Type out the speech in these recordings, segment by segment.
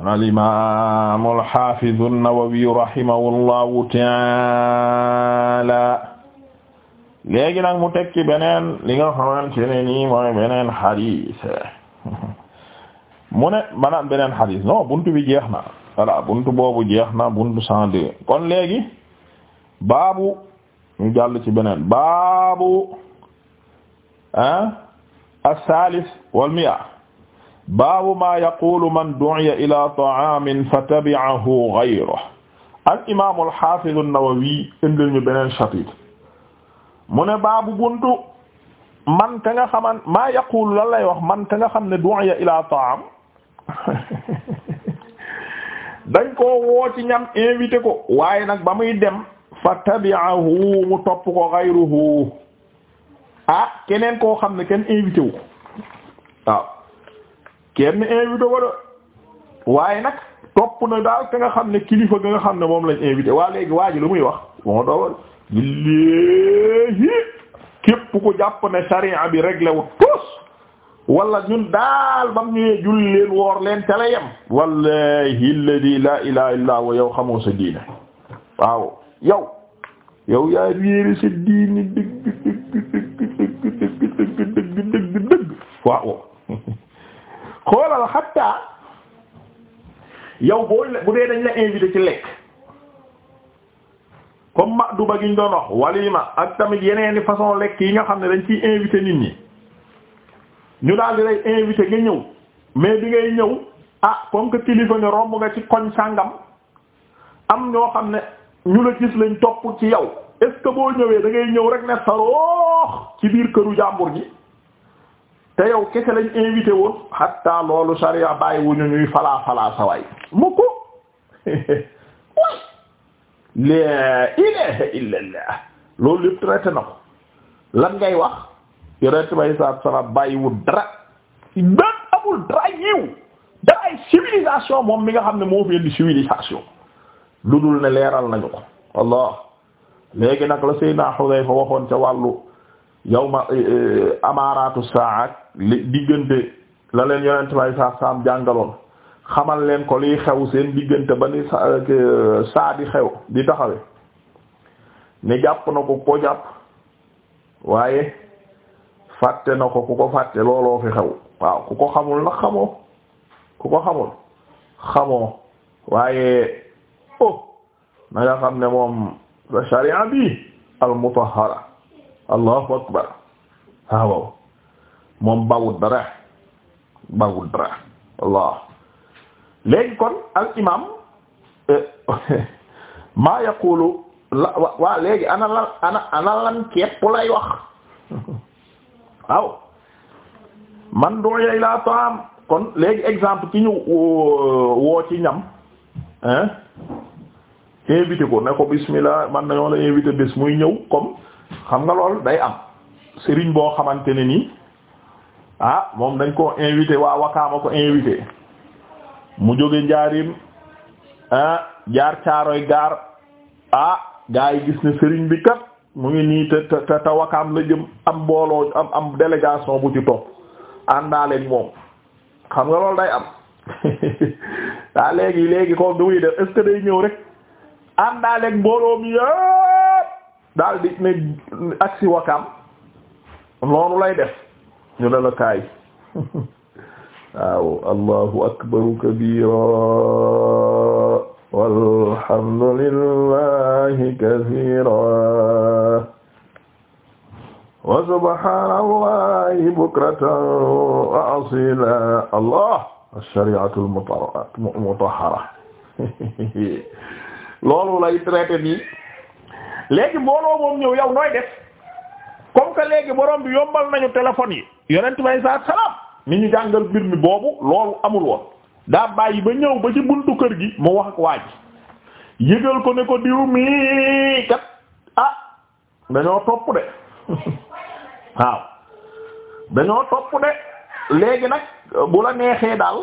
al-imaam al-haafiz an-Nawawi nag mu tekki beneen li nga xamante ne nii mooy beneen xadis mu ne beneen xadis non buntu bi jeex na buntu boobu jeex na buntu cent kon léegi baabu ñu jàll ci beneen baabu ah as-saalis wal mi'a baabu maa yaqulu man du'iya ila ta'aamin fatabi'ahu ghayruhu al imaam al haafiz an-Nawawi indil beneen chapitre mu ne baabu buntu maa yaqulu lan lay wax man ka nga xam ne du'iya ila ta'aam dañ koo woo ñam invité ko waaye nag ba muy dem fatabi'ahu mu topp ko ghayruhu ah keneen ko xam ne kenn invité wu waaw kenn invité ko de waaye nag topp na daal ka nga xam ne kilifa ga nga xam ne moom lañ invité waa léegi waa ji lu muy wax bon doo léegi képp ku jàpp ne sariya bi réglé wu tous wala ñun daal bam ñëwee julli woor leen tele yem wallahi alladhi la ilaha illa huwa yow xamoo sa diine waaw yow yow yaa sa diine dëgg dëgg dëgg dëgg dëgg dëgg xoolal xatta yow boo bu dee dañ la invité ci lekk comme ma duba gi ñu doon wax walima ak tamit yeneeni façon lekk yi nga xam ne dañ ciy invité nit ñi ñu daal di lay invité nga ñëw mais bi ngay ñëw ah comme que kilifa nga romb nga ci koñ sàngam am ñoo xam ne ñu la gis lañ topp ci yow est ce boo ñëwee da ngay ñëw rek ne saroox ci biir këru jàmbur ji te yow kese lañ invité woon hatta loolu sariya bàyyi wuñu ñuy falaa falaa sawaay mukk laa ilaaha illallah loolu lépp traité na ko lan ngay wax yonent bay saa salaam bàyyiwul dara benn amul dara yiw dara ay civilisation moom mi nga xam ne moo fi indi civilisation lu dul ne leeral nañu ko allah léegi nag la Seydina Xudayfa waxoon ca wàllu yawma e, e, amaaraatu saa ak li diggante la leen yonent bay saa saam jàngaloon xamal leen ko liy xew seen diggante ba ni e, saa di xew di taxawe ne jàpp na ko ko jàpp waaye fàtte na ko ku ko fàtte looloo fi xew waaw ku ko xamul nag xamoo ku ko xamul xamoo waaye oh na nga xam ne moom la sharia bi al mutahhara allahu akbar ah, waaw moom bawul dara bawul dara allah léegi kon al imam eh, maa yaqulu la waa léegi ana lan ana ana lan képp lay wax waaw man du'iya ila ta'am kon léegi exemple ci ñu woo ci ñam hein invité ko ne ko bismillah man nañoo la invité bis muy ñëw comme xam nga lool day am sëriñ boo xamante ne nii ah moom dañ koo invité waa wakaama ko invité mu jóge njaarim ah jaar caaroy gaar ah gaa yi gis ne sëriñ bi kat mu ngi nii te te te wakaam la jëm am mbooloo am am délégation bu ci topp àndaaleen moom xam nga loolu day am daa léegi léegi ko du muy def est day ñëw rek àndaaleen mbooloo mi yëpp daal di ne aksi wakaam loolu lay def ñu ne la kaay waaw allahu akbaru kabira walhamdulillahi kasiira wa subhaanallahi bukratan wa asiila allah ash-shari'atu al-mutahhara loolu lay traité nii léegi mbooloo moom ñëw yow nooy def comme que léegi borom bi yombal nañu téléphone yi yonent may saa salaam ni ñu jàngal mbir mi boobu loolu amul woon daa bàyyi ba ñëw ba ci buntu kër gi mu wax ak waa ji ko ne ko diw mi kat ah dañoo topp de waaw dañoo topp de léegi nag bu la neexee daal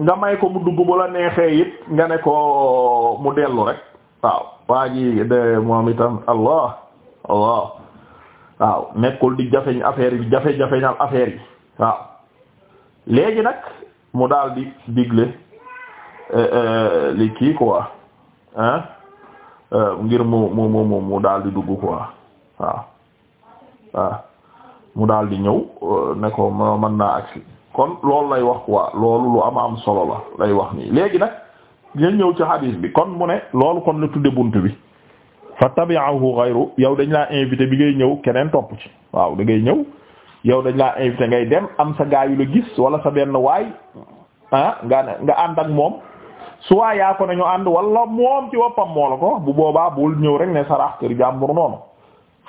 nga may ko mu dugg bu la neexee it nga ne ko mu dellu rek waaw waa ji de moom itam allah allah waaw nekkul di jafeñ affaire yi jafe-jafeñal affaire yi waaw léegi nag mu daal di digle eh, eh, li kii quoi eh, ngir mu mu mu mu daal di dugg quoi waaw mu daal ñëw ne ko mën naa agsi kon loolu lay wax quoi loolu lu am am solo la lay wax nii léegi nag ngeen ñëw ci hadis bi kon mu ne loolu kon la tudde bunt bi fa tabi'ahu ghayru yow dañ laa invité bi ngay ñëw keneen topp ci waaw da ngay ñëw yow dañ laa invité ngay dem am sa gaa yu la gis wala sa benn waay ah nga nga ànd ak moom soit yaa nañu ànd wala moom ci woppam moo la ko bu boobaa bul ñëw rek ne sarax kër jàmbur noonu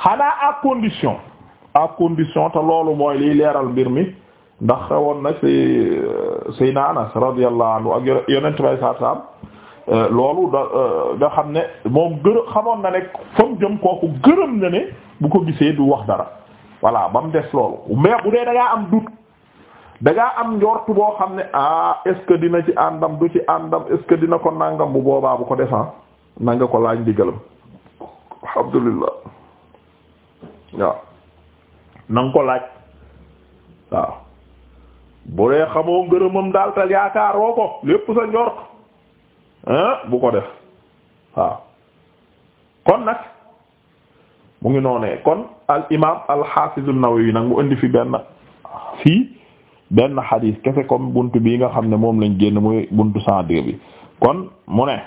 xanaa à condition à condition te loolu mooy liy leeral mbir mi ndax xewoon na ci euh, Seydina Anas radiyallahu anhu ak yonent bay saab saab euh, loolu da euh, xam ne moom gërëm xamoon na ne fa mu jëm kooku gërëm na ne bu ko gisee du wax dara voilà ba mu des loolu mais bu dee da am dut da am njortu boo xam ne ah est dina ci àndam du ci àndam est ce que dina ko nangam bu boobaa bu ko defan na nga ko laaj ndigalam alhamdulillah waaw na ko laaj waaw bu dee xamoo ngërëmam daal te yaakaaroo ko lépp sa njort bu ko def waaw kon nag mu ngi noonee kon al imaam al xaafiz an-Nawawi nag mu indi fi benn fii benn xadiis kese comme buntu bii nga xam ne moom lañ génn muy buntu cent deux bi kon mu ne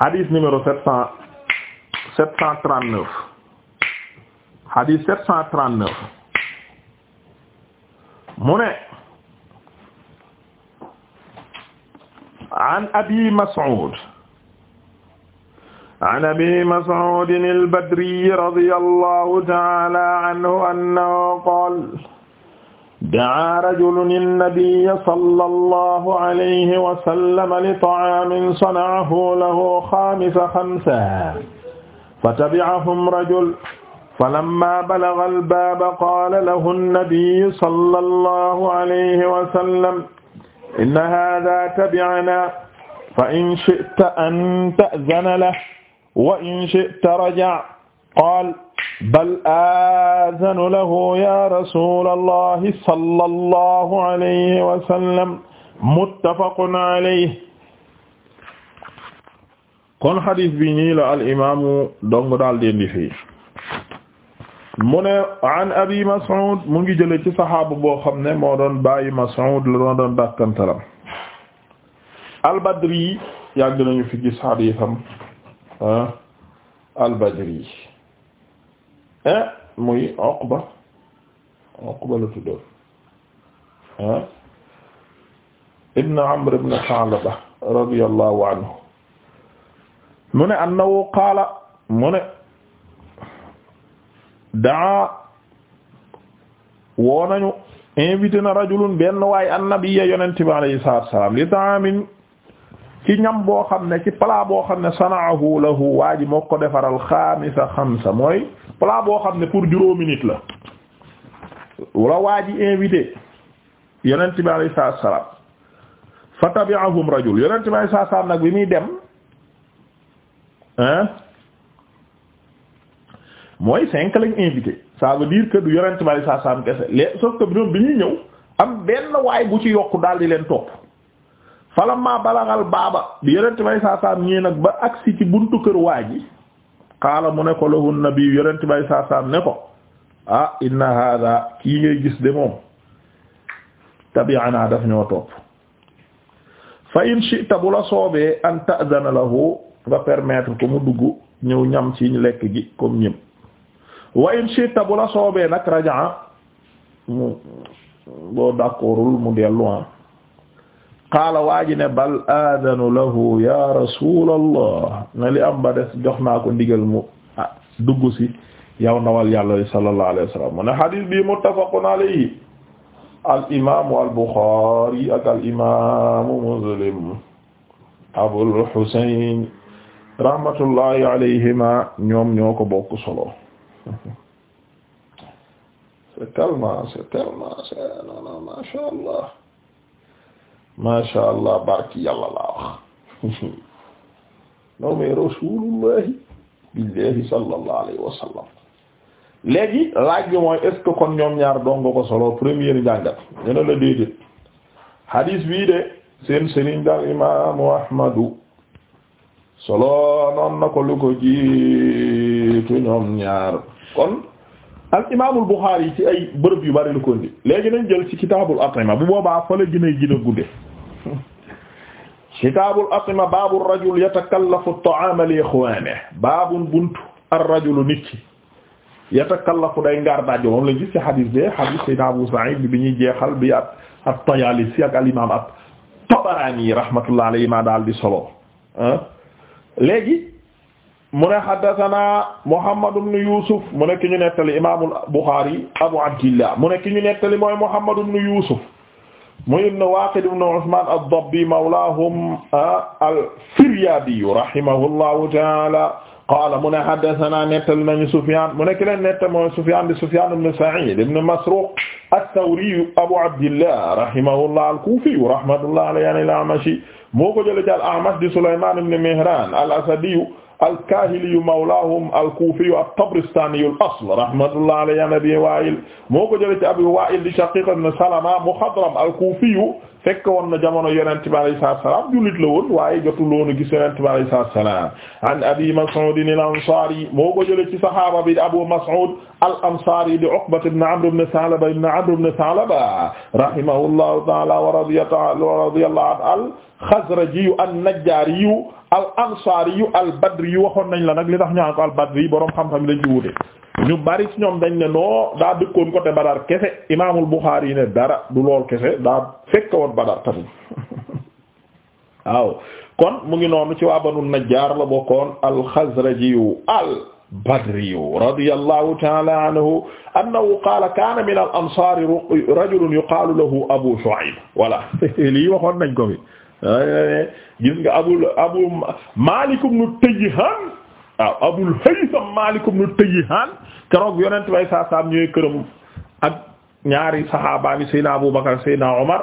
xadiis numéro sept cent sept cent trente neuf xadiis sept cent trente neuf mu ne an abi mas'ud an abi mas'ud al-badri radiyallahu ta'ala anhu annahu qala da'a rajulun an-nabiyya sallallahu alayhi wa sallam li ta'aamin sana'ahu lahu khamisa khamsa fatabi'ahum rajulun falamma balagha al-baaba qaala lahu an-nabiyyu sallallahu alayhi wa sallam inna haadha tabi'anaa fa in shi'ta an ta'zana lahu wa in shi'ta raji' qaala bal aazanu lahu ya rasuulallahi sallallahu alayhi wa sallam muttafaqun alayhi kon hadith bi ñi la al imaamu dong daal di indi fi mu ne abi Mas'ud mu ngi jële ci saxaabu boo xam ne moo doon bàyyi Mas'ud la doon doon dàkkantalam al-Badri yi yàgg nañu fi gis xadiisam al-Badri yi eh muy Uqba Uqba la tuddoon ah ibn anhu mu ne annahu qaala mu daa woo nañu invité na rajulun benn waay annabiya yonent bi alayhi salaatu salaam li taamin ci ñam boo xam ne ci plat boo xam ne sanaahu lahu waa ji ko defaral xaamisa xamsa mooy plat boo xam ne pour juróomi nit la wala waa ji invité yonent bi alayhi salaatu salaam fa tabi'ahum rajul yonent bi alayhi salaatu nag bi muy dem hein mooy cinq lañ invité ça veut dire que du yonent bari kese les sauf que bi ñuy ñëw am benn waay bu ci yokk daal di leen topp falamma balagal baaba bi yonent bari saa ñii nag ba agsi ci buntu kër waa ji xaala mu ne ko lahu nabi yonent bari saa saam ne ko ah inna hada kii ngay gis de moom tabi'ana daf ñoo topp fa in shi'ta bu la soobee an ta'dana lahu nga permettre ko mu dugg ñëw ñam ci lekk gi comme ñëpp wa in shi'ta bu la soobee nag rajaa mu boo d'accordul mu dellu ah qaala waa ji ne bal aadanu lahu ya rasulallah ne li am ba des jox naa ko ndigal mu ah dugg si yow ndawal yàlla li sallallahu alayhi wa sallam mu ne xadis bi muttafaqun alayhi al imaamu al buxaari ak al imaamu muslim abul husayn rahmatullahi alayhima ñoom ñoo ko bokk solo c'est tellement c'est tellement c'est non non allah masha allah barki yàlla non mais rasulullahi billahi sallallahu alayhi wa sallam léegi mooy est kon ñoom ñaar dongo ko solo première jàngat ñu la déedéet hadis bii de seen sëriñ daal imaamu ahmadu solo noon ko lu ko wuute ñoom ñaar kon al imaamul Buxaari yi ci ay bërëb yu bari lu ko indi léegi nañ jël ci kitaabul atima bu boobaa fa la gën a gën a gudde kitaabul atima baabu rajul yatakallafu at-ta'aama li ixwaanihi baabun buntu ar-rajulu nit ki yatakallafu day ngaar daajo moom lañ gis ci xadiis bi xadiis Sayyid Abu Sa'iid bi bi ñuy jeexal bi at at-Tayaalisi ak al imaam at-Tabaraani rahmatullahi alayhi ma daal di solo ah. léegi mu ne haddathana Muhammad ibn Yusuf mu ne ki ñu nettali imaamul Bukhari Abu Abdillah mu ne ki ñu nettali mooy Muhammad ibn Yusuf mu ibn Waqid ibn Usman ad-Dabbi mawlaahum ah, al-Firyabi rahimahullahu ta'ala qaala mu ne haddathana nettali nañu Sufyan mu ne ki leen nettali mooy Sufyan di Sufyan ibn Sa'id ibn Masruq at-Thawri Abu Abdillah rahimahullah al-Kufi rahmatullahi alayhi al-A'mashi moo ko jëlee ci al-A'mash di Sulayman ibn Mihran al-Asadi alkahiliyu mawlaahum alkuufiyu at-tabristaaniyu al-asl rahmatullahi alayhi an Abi Waa'il moo ko jëlee ci Abi Waa'il di Shaqiiq ibn Salama muxadram alkuufiyu fekk woon na jamono yonent bi alayhi salaam jullit la woon waaye jotul woon a gis yonent bi alayhi salaam an abi mas'ud al-ansari moo ko jëlee ci saxaaba bi abu mas'ud al-ansari di uqba ibn amr ibn salaba ibn amr ibn salaba rahimahullahu ta'ala wa radiyallahu anhu al-khazraji an-najjari al-ansari al-badri waxoon nañ la nag li tax ñu ko al-badri borom xam-xam lañ ci wute ñu bari ñoom dañ ne noo daa dëkkoon côté Badar kese imaamul Buxaari yi ne dara du lool kese daa fekk woon Badar tamit waaw kon mu ngi noonu ci waa Banu Najjaar la bokkoon al-Xazrajiyu al-Badriyu radiyallahu ta'ala anhu annahu qaala kaana min al-ansaar rajulun yuqaalu lahu Abu Shu'ayb voilà lii waxoon nañ ko fi gis nga Abu Maalik ibn Tayhaan waaw Abul Haytham Maalik ibn Tayyihaan keroog yonent bay saa ñëwee këram ak ñaari saxaabaami Seydina Abu Bakar Seydina Omar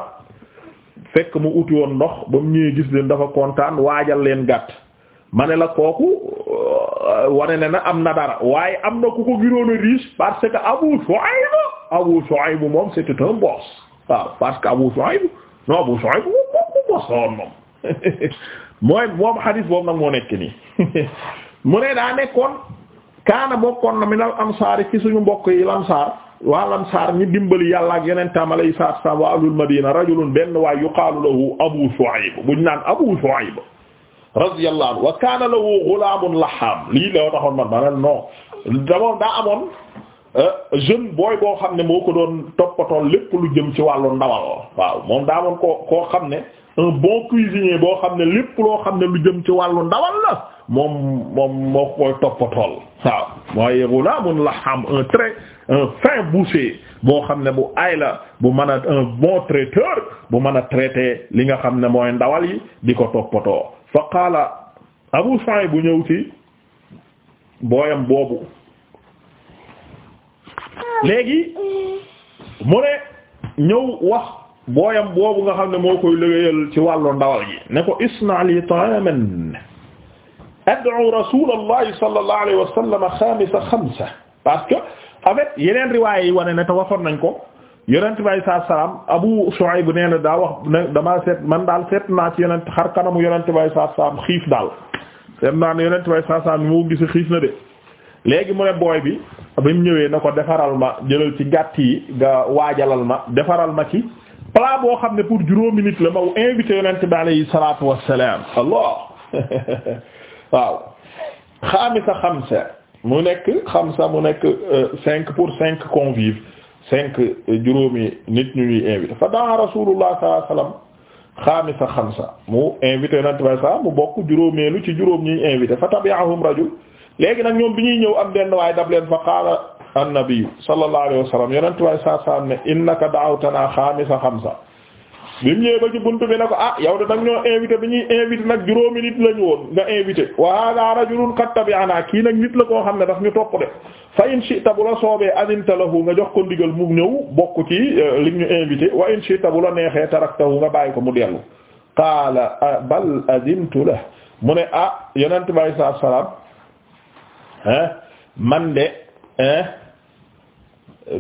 fekk mu uti woon ndox ba mu ñëwee gis leen dafa kontaan waajal leen gàtt ma ne la kooku wane ne na am na dara waaye am na ku ko giroon a parce que Abu Shuayb Abu Shuayb moom c'était un boss waaw parce que Abu Shuayb non Abu Shuayb moom moom boss la woon moom mooy moom xadiis boobu nag moo nekk nii mu ne daa nekkoon kaana bokkoon na minal ansaar ci suñu mbokk yi lansaar waa lansaar ñi dimbali yàlla ak yonentam alayhi salaatu wassalaam wa ahlul madina rajulun benn waay yuqaalu lahu abu shu'ayb buñ naan abu shu'ayb radiyallahu anhu wa kaana lahu ghulaamun lahaam lii la taxoon man ma non d'abord daa amoon euh, jeune booy boo xam ne moo ko doon toppatoon lépp lu jëm ci wàllu ndawal waaw moom daa amoon koo koo xam ne un bon cuisinier boo xam ne lépp loo xam ne lu jëm ci wàllu ndawal la moom moom moo koy toppatool waaw mooy ghulamun laham un très un fin boucher boo xam ne bu aay la bu mën a un bon traiteur bu mën a traiter li nga xam ne mooy ndawal yi di ko toppatoo fa qaala Abu Sa'id bu ñëw ci booyam boobu léegi mu ne ñëw wax booyam boobu nga xam ne moo koy liggéeyal ci wàllu ndawal gi ne ko isna li ta'aman ad'u rasulallahi sallallahu alayhi wa sallam xamisa xamsa parce que en fait yeneen riwaay yi wane ne te waxoon nañ ko yonent bi saa salaatu salaam Abu Shuayb nee na daa wax ne damaa seet man daal seet naa ci yonent xar kanamu yonent bi alayhi salaatu salaam xiif daal seet naa ne yonent bi alayhi salaatu salaam moo gis xiif na de léegi mu ne booy bi bi mu ñëwee na ko defaral ma jëlal ci gàtt yi nga waajalal ma defaral ma ci. plat boo xam ne pour juróomi nit la maw invité yonent bi alayhi salaatu wassalaam allah waaw xaamisa xamsa mu nekk xamsa mu nekk euh, cinq pour cinq convives cinq euh, juróomi nit ñu ñuy invité fa daa rasulullah sallallahu alayhi wasallam xaamisa xamsa mu invité yonent bi saa mu bokk juróomeelu ci juróom ñuy invité fa tabi'ahum rajul léegi nag ñoom bi ñuy ñëw am benn waaye daf leen fa qaala annabi wa sallam yonent waaye saa saa ne innaka da'awtanaa xaamisa xamsa bi mu ñëwee ba ci buntu bi ne ko ah yow de nag ñoo invité bi ñuy invité nag juróomi nit lañu woon nga invité wa hada rajulun qad tabi'ana kii nag nit la koo xam ne daf ñu topp de fa in shi'ta bu la soobee adinta lahu nga jox ko ndigal mu ñëw bokk ci euh, li ñu invité wa in shi'ta bu la neexee taraktahu nga bàyyi ko mu dellu qaala bal adintu la mu ne ah yonent bi sallallahu alayhi wa sallam hein man de hein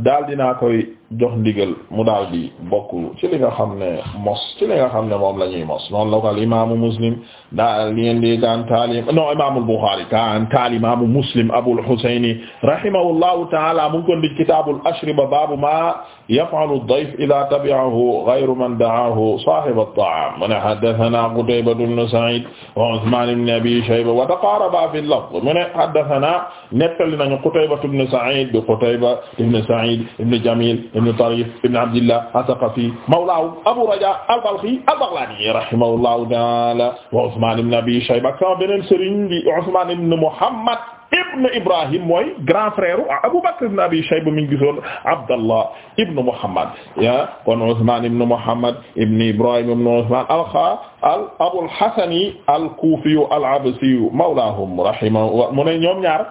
daal dinaa koy jox ndigal mu daal di bokk ci li nga xam ne mos ci li nga xam ne moom la ñuy mos noonu la ko al imaamu muslim daal li ngeen di gaan taali non imaamul buxaari kaan taal imaamu muslim abul xusayni rahimahullahu taala mu ngi ko di kitaabul ashriba baabu ma yaf'alu ad-dayf idha tabi'ahu ghayru man da'ahu saahibu at-ta'aam mu ne haddathana qutayba ibn sa'id wa usmaan ibn abi shayba wa taqaaraba fi al-lafz mu ne haddathana nettali nañu qutayba ibn sa'id qutayba ibn sa'id ibn jamil ibn Tarif ibn Abdillah Athaqafi mawlaahu Abu Raja al-Balkhi al-Baghlani rahimahullahu ta'ala wa Usman ibn Abi Shayba sama beneen sëriñ bi Usman ibn Muhammad ibn Ibrahim mooy grand frère Abu Bakr ibn Abi Shayba mi ngi gisoon Abdallah ibn Muhammad ya kon Usman ibn Muhammad ibn Ibrahim ibn Usman al-Kha al Abul Hasani al-Kufi al-Absi mawlaahum rahimahu mu ne ñoom ñaar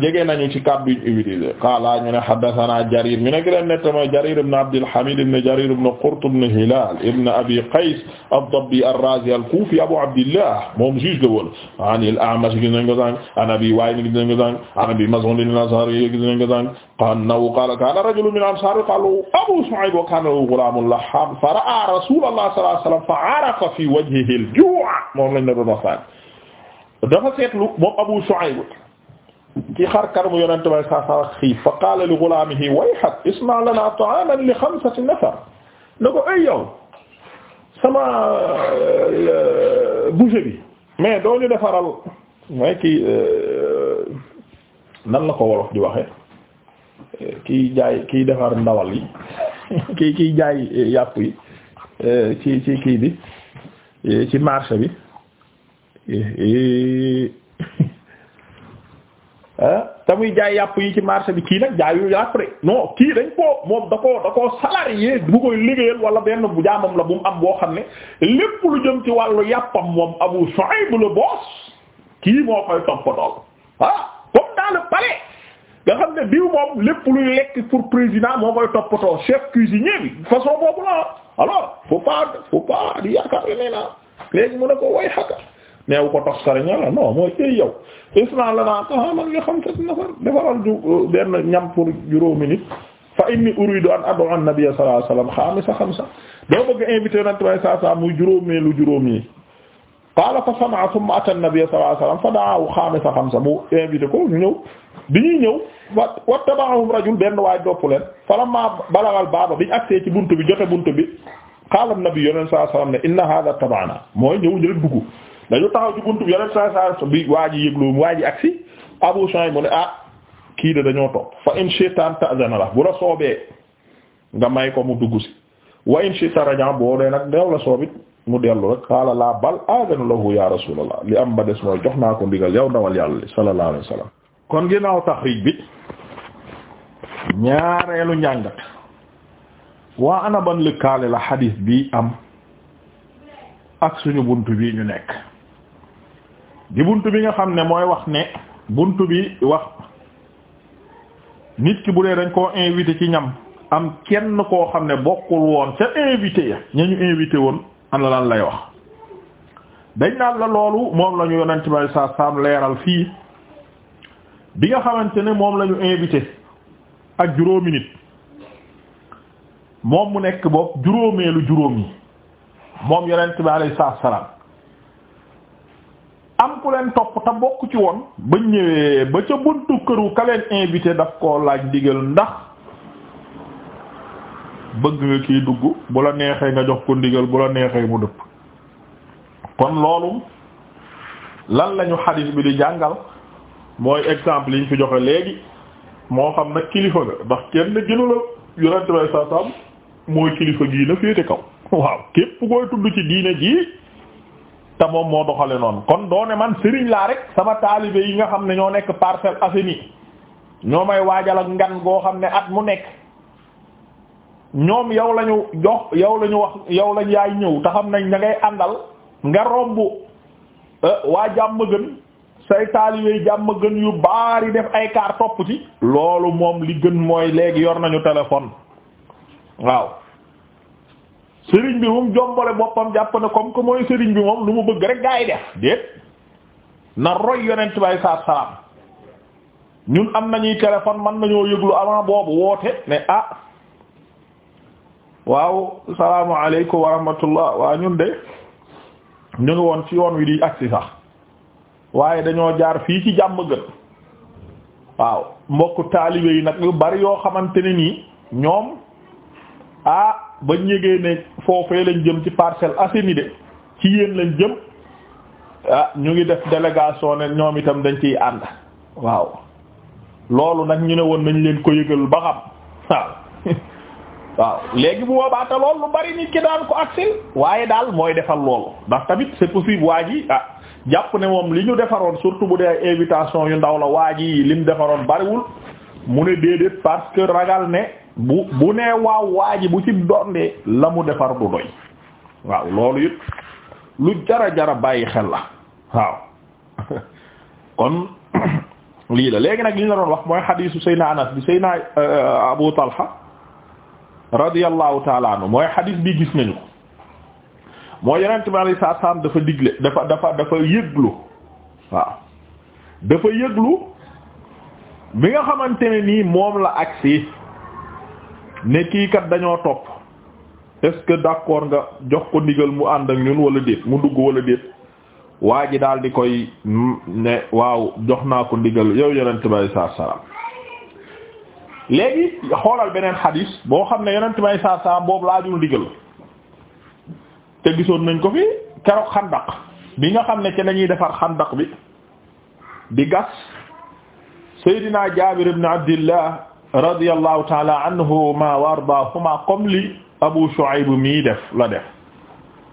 jege nañu ci kàddu yi ñu utilisé qaala ñu ne haddathana Jarir ñu ne gërëm ne tamit Jarir ibn Abdul Hamid ibn Jarir ibn Qurt ibn Hilal ibn Abi Qays ad-Dabbi ar-Razi al-Kufi Abu Abdillah moom juge de wol an al-A'mash gis nañ ko sànq an Abi Wa'il gis nañ ko sànq an Abi Mas'ud al-Ansari gis nañ ko sànq annahu qaala kaana rajulun min al-Ansar yuqaalu Abu Shu'ayb wa kaana lahu ghulaamun lahhaab fara'a Rasulallah sallallahu alayhi wa sallam fa'arafa fi wajhihi al-juu' moom lañ la doon wax dafa seetlu moom Abu Shu'ayb ci xar karamu yonente bay saa saa xiif fa qaala li ghulaamihi wayhak isma' lanaa ta'aaman li xamsati nafar na ko ay yow sama euh, boucher bi mais doo ñu defaral mooy kii euh, nan la ko wolof di waxe kiy jaay kiy defar ndawal yi ki kiy jaay yàpp yi euh, ci ci kii bi ci marché bi te muy jaay yàpp yi ci marché bi kii nag jaayu yàpp rek non kii dañ koo moom da koo da koo salarié bu koy liggéeyal wala benn bu jaamam la bu mu am boo xam ne lépp lu jëm ci wàllu yàppam moom Abu Shuayb le boss kii moo koy toppatoo ah comme dans le nga xam ne diw moom lépp luy lekk pour président moo koy toppatoo chef cuisinier bi façon boobu la alors faut pas faut pas di yaakaar ne na léegi mën a ko way xaka neew ko tax sariña la non mooy tey yow isna la naa taxa ah, man nga xam sat nafar defaral ju euh, benn ñam pour juróomi nit fa an ad'u an nabiyya sallallahu alayhi wasallam xaamisa xamsa doo bëgg invité yonente way saa saa muy juróomeelu juróom yi qaala fa sama'a thumma ata an-nabiyya sallallahu alayhi wasallam fa da'ahu xaamisa xamsa mu invité ko ñu ñëw bi ñuy ñëw wa wattaba'ahum rajul benn waay dopp leen falamma balagal baaba biñu agsee ci buntu bi jote buntu bi qaala an-nabiyyu sallallahu alayhi wasallam ne inna hadha taba'ana mooy dañu taxaw ci buntu bi bi waa ji yëglu waa ji agsi Abu Shuaib mu ne ah kii de dañoo topp fa in shi'ta ta'zana la bu la soobee nga may ko mu dugg si wa in shi'ta raja boo dee nag deew la soobit mu dellu rek qaala laa bal aadana lahu ya rasulallah li am ba des mooy jox naa ko ndigal yow ndawal yàlla li sallallahu alayhi wasallam kon ginnaaw taxriij bi ñaareelu njàngat waa ana ban lëkkaale la xadiis bi am ak suñu buntu bi ñu nekk di bunt bi nga xam ne mooy wax ne bunt bi wax nit ki bu dee dañ koo invité ci ñam am kenn koo xam ne bokkul woon ca invité ya ñañu invité woon ana lan lay wax dañ naan loolu moom la ñu yonent bay sa saam leeral fii bi nga xamante ne moom la invité ak juróomi nit moom mu nekk bopp juróomeelu juróom yi moom yonent bi alayhi salaam am ku leen topp te bokk ci woon ba ñëwee ba ca buntu këru ka leen invité daf koo laaj digal ndax bëgg nga kiy dugg bu la neexee nga jox ko ndigal bu la neexee mu dëpp kon loolu lan lañu xadiis bi di jàngal mooy exemple yi ñu joxe léegi moo xam nag kilifa nga ndax kenn gënu la yonent bay sa sam mooy kilifa gii na féete kaw waaw képp koy tudd ci diine ji te moom moo doxale noonu kon doone man sëriñ laa rek sama taalibe yi nga xam ne ñoo nekk Parcelles Assainies ñoo may waajal ak ngan goo xam ne at mu nekk ñoom yow lañu jox yow la wax yow lañ yaay ñëw te xam nañ da ngay àndal nga romb eh, waa jàmm gën say taalibe jàmm gën yu baari def ay kaar topp ci loolu moom li gën mooy léegi yor nañu téléphone waaw sëriñ bi moom jombale boppam jàpp na comme que mooy sëriñ bi moom lu mu bëgg rek gaa yi def déet na roy yonent bay saa salaam ñun am nañuy téléphone man nañoo yëglu avant boobu woote ne ah waaw salaamaaleykum wa rahmatullah waa ñun de ñu ngi woon ci yoon wi di agsi sax waaye dañoo jaar fii ci jàmm gën waaw mbokk taalibe yi nag yu bari yoo xamante ni nii ñoom ah. ba ñégee ne foofee lañ jëm ci Parcelles Assainies de ci yéen lañ jëm ah ñu ngi def délégation ne ñoom itam dañ ciy ànd waaw loolu nag ñu ne woon nañu leen ko yëgal ba xam waaw léegi bu boobaata lool lu bari nit ki daan ko agsil waaye daal mooy defal loolu ndax tamit c'est possible waa ji ah jàpp ne moom li ñu defaroon surtout bu dee ay yu ndaw la waa ji li ñu defaroon bariwul mu ne déedéet parce que ragal ne bu bu nee waaw waa bu ci dondee la mu defar du doy waaw loolu it lu jara jara bàyyi xel la waaw kon lii la léegi nag li ñu doon wax mooy xadiisu Seyna Anas bi Seyna euh, Abu Talha radiyallahu taala mooy xadiis bi gis nañu ko mooy Yonent bi alayhi salaatu salaam dafa digle dafa dafa dafa yëglu waaw dafa yëglu bi nga xamante ne nii moom la agsi ne kii kat dañoo topp est d'accord nga jox ko ndigal mu ànd ak ñun wala déet mu dugg wala déet waa ji daal di koy ne waaw jox naa ko ndigal yow yonent bi alayhi salaatu léegi xoolal beneen xadiis boo xam ne yonent bi alayhi salaatu salaam boobu laajul ndigal te gisoon nañ ko fi keroog xandaq bi nga xam ne ci lañuy defar xandaq bi di gas Seydina Jaabir ibn Abdillah radiyallahu taala anhuma wa ardaahuma comme li Abu Shuayb mii def la def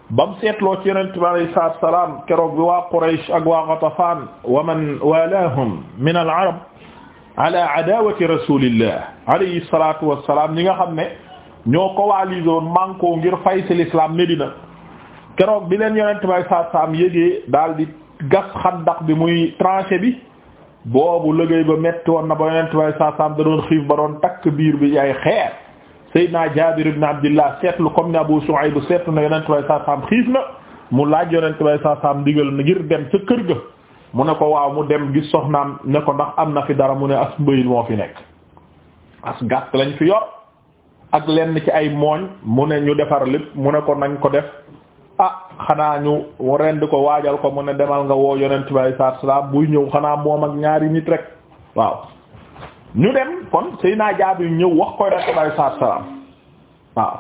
bam seetloo ci yonent bi alayhi salaatu wa salaam keroog bi waa Quraysh ak waa Ghatafaan wa man waalaahum min al-arab ala adaawati rasulillah alayhi salaatu wa salaam ñi nga xam ne ñoo coalisé woon manko ngir fay ci l'islam Medina keroog bi leen yonent bi alayhi salaatu wa salaam yëgee daal di gas xandaq bi muy tranché bi boobu liggéey ba metti woon na ba yonent way saasaam da doon xiif ba doon takk biir bi ay xeer Seydina Jaabir ibn Abdillah seetlu comme ni Abu Shuayb seetlu na yonent way saasaam xiif na mu laaj yonent way saasaam ndigal na ngir dem ca kër ga mu ne ko waaw mu dem gis soxnaam ne ko ndax am na fi dara mu ne as mbëyil moo fi nekk as gàtt lañ fi yor ak lenn ci ay mooñ mu ne ñu defar lépp mu ne ko nañ ko def ah xanaa ñu rend ko waajal ko mu ne demal nga woo yonent bi saa salaam buy ñëw xanaa moom ak ñaari nit rek waaw ñu dem kon Seydina Jaabir ñëw wax ko yonent bi saa salaam waaw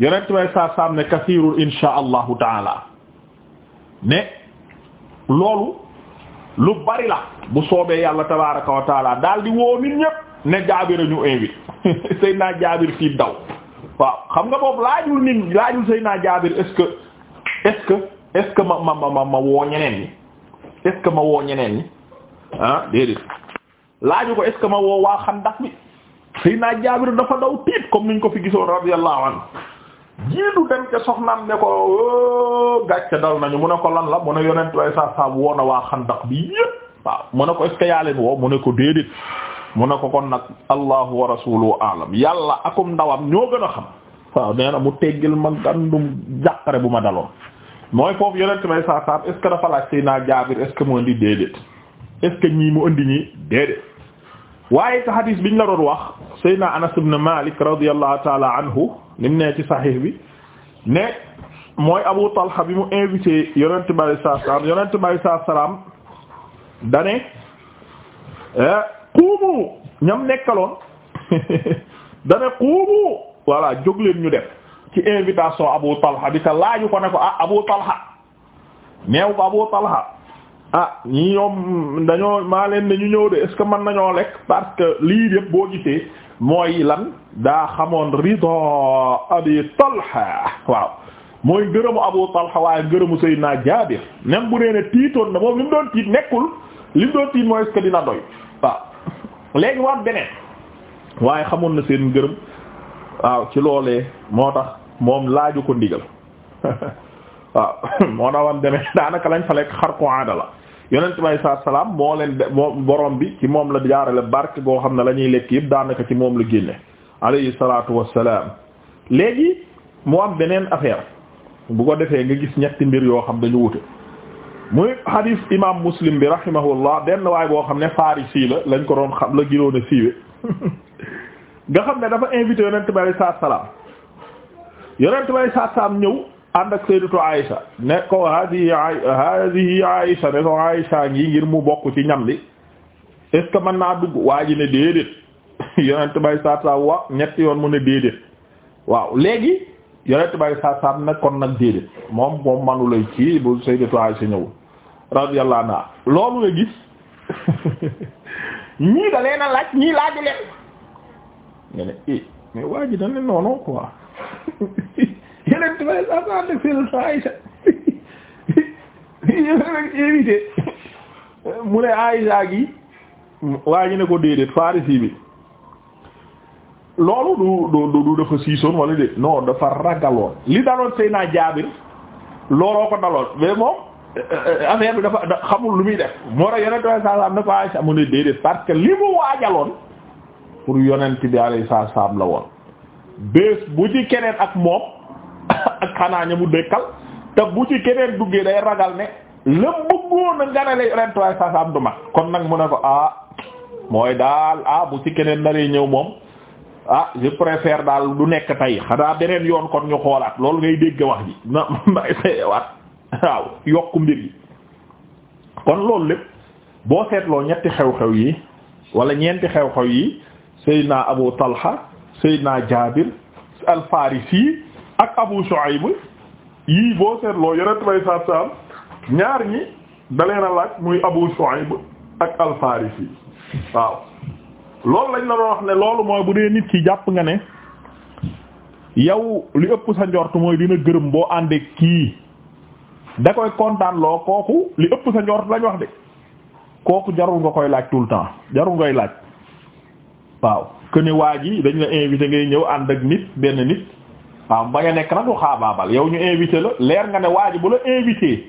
yonent bi saa salaam ne kasiirul insha allahu taala ne loolu lu bari la bu soobee yàlla tabaaraka wa daal di woo nit ñépp ne Jaabir ñu invite Seydina Jaabir fii daw waaw xam nga boobu laajul nit laajul Seydina Jaabir est-ce que. est-ce que est-ce que ma ma ma ma woo ñeneen ñi est ma woo ñeneen ñi ah déedéet laaju ko est que ma woo waa Xandaq bi Seydina Jaabir dafa daw tiit comme niñ ko fi gisoon radiyallahu anhu jiitu dem ca soxnaam ne ko gàcce dal nañu mu ne ko lan la mu ne yonent way sa sa woo na waa Xandaq bi yëpp waaw mu ne ko est-ce yaa leen woo mu ne ko déedéet mu ne ko kon nag allahu wa rasuluhu aalam yàlla akum ndawam ñoo gën a xam waaw nee mu teggil ma gàndum jàqare ma mooy foofu yonent may saa saam est-ce que dafa laaj Seydina Jaabir est mu indi déedéet est ñii mu indi ñii déedéet waaye ci hadis biñ la doon wax Seydina Anas ibn Malik radiyallahu taala anhu ni mu nee ci saxiix bi ne mooy Abu Talha bi mu invité yonent may saa saam yonent may saa salaam dane eh, quumu ñam nekkaloon dane quumu voilà jóg leen ñu def ci invitation Abu Talha di ko ko ne ko ah Abu Talha neew ko Abu Talha ah ñi ñoom dañoo maa leen ne ñu ñëw de est-ce nañoo lekk parce que lii yëpp boo gisee mooy lan daa xamoon rida Abi Talha waaw mooy ngërëmu Abu Talha waaye ngërëmu Seydina Jaabir même bu nee ne tiitoon na moom li mu doon tiit nekkul li mu doon tiit mooy est dina doy waaw léegi war beneen waaye xamoon na seen ngërëm waaw ci loolee moo tax moom laaju ko ndigal waaw ah, moo na wam demee daanaka lañ fa lekk xar ko aada la yonent bi alayhi salaatu salaam moo leen de moom borom bi ci moom la jaarale barke boo xam ne la ñuy lekk yëpp daanaka ci moom la génne alayhi salaatu wassalaam léegi mu am beneen affaire bu ko defee nga gis ñetti mbir yoo xam dañu wute muy hadis imam muslim bi rahimahullah benn waay boo xam ne farisi la lañ ko doon xam la gënoon a siiwe nga xam ne dafa invité yonent bi alayhi salaatu salaam yonent bay saasaam ñëw ànd ak sayyidatu Aïsa ne ko hadihi hadihi Aïsa ne ko Aïsa ngi ngir mu bokk ci ñam li est ce que mën naa dugg waa ji ne déedéet yonent bay saasaam wa ñetti yoon mu ne déedéet waaw léegi yonent bay saasaam ne kon nag déedéet moom moom manu ci bu sayyidatu Aïsa ñëw radiyallahu anha loolu nga gis ñii da leen laaj ñii laaju leen nga ne i eh, mais waa na da ne noonu quoi yeneen tubaab yi sax def seen Aysa mu ne Aysa gi waa ñu ne ko déedéet Farisi bi loolu du du du dafa siisoon wala déet non dafa ragaloon li daloon sëy naa Jaabir looloo ko daloon mais moom affaire bi dafa xamul lu muy def moo tax yonent bi saa ne ko Aysa mu ne déedéet parce que li mu waajaloon pour yonent bi alayhi salaam la woon. bés bu ci keneen ak moom ak xanaa ña mu dëkkal te bu ci keneen duggee day ragal ne la bëggoon a nganale yonent waaye saa saa am du mat kon nag mu ne ko ah mooy daal ah bu ci keneen naree ñëw moom ah je préfère daal du nekk tey xanaa beneen yoon kon ñu xoolaat loolu ngay dégg wax ji na ma waat waaw yokk mbir yi kon loolu lépp boo seetloo ñetti xew-xew yi wala ñeenti xew-xew yi Seydina Abu Talha Seydina Jaabir al-Farisi ak Abu Shuayb yii boo seetloo yonent bay saab saab ñaar ñi daleen a laaj muy Abu Shuayb ak al waaw loolu lañ la loolu mooy bu dee nit ki jàpp nga ne yow li ëpp sa njort mooy dina gërëm boo àndee kii da koy kontaan loo kooku li ëpp sa njort lañ wax de kooku jarul nga koy laaj tout le temps jarul ngay laaj waaw que ne waa ji dañ la invité ngay ñëw ànd ak nit benn nit waaw ba nga nekk nag ko xaabaabal yow ñu invité la leer nga ne waa ji bu la invité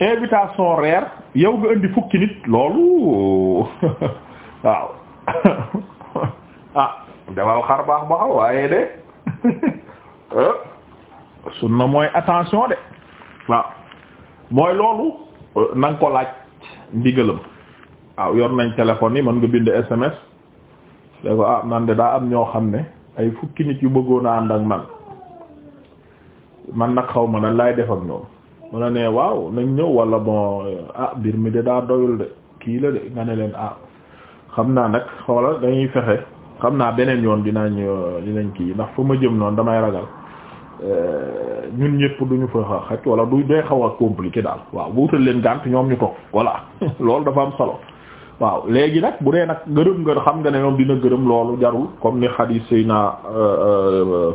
invitation reer yow nga indi fukki nit loolu waaw ah defal xar baax ba xaw waaye de eh, sunna mooy attention de waaw mooy loolu eh, na ko laaj ndigalam waaw yor nañ téléphone yi mën nga bind SMS da ko ah man de daa am ñoo xam ne ay fukki nit yu bëggoon a ànd ak man man nag xaw ma lan laay def ak ñoom mu ne nee waaw nañ ñëw wala bon ah mbir mi de daa doyul de kii la de nga ne leen ah xam naa nag xoola dañuy fexe xam naa beneen yoon dinañ dinañ kii ndax fa ma jëm noon damay ragal eh, ñun ñëpp duñu fa xaj wala du day xaw a compliqué daal waaw bu wutal leen gànt ñoom ñu toog voilà loolu dafa am solo waaw léegi nag bu dee nag gërëm nga xam nga ne moom dina gërëm loolu jarul comme ni xadiis Seydina euh, euh,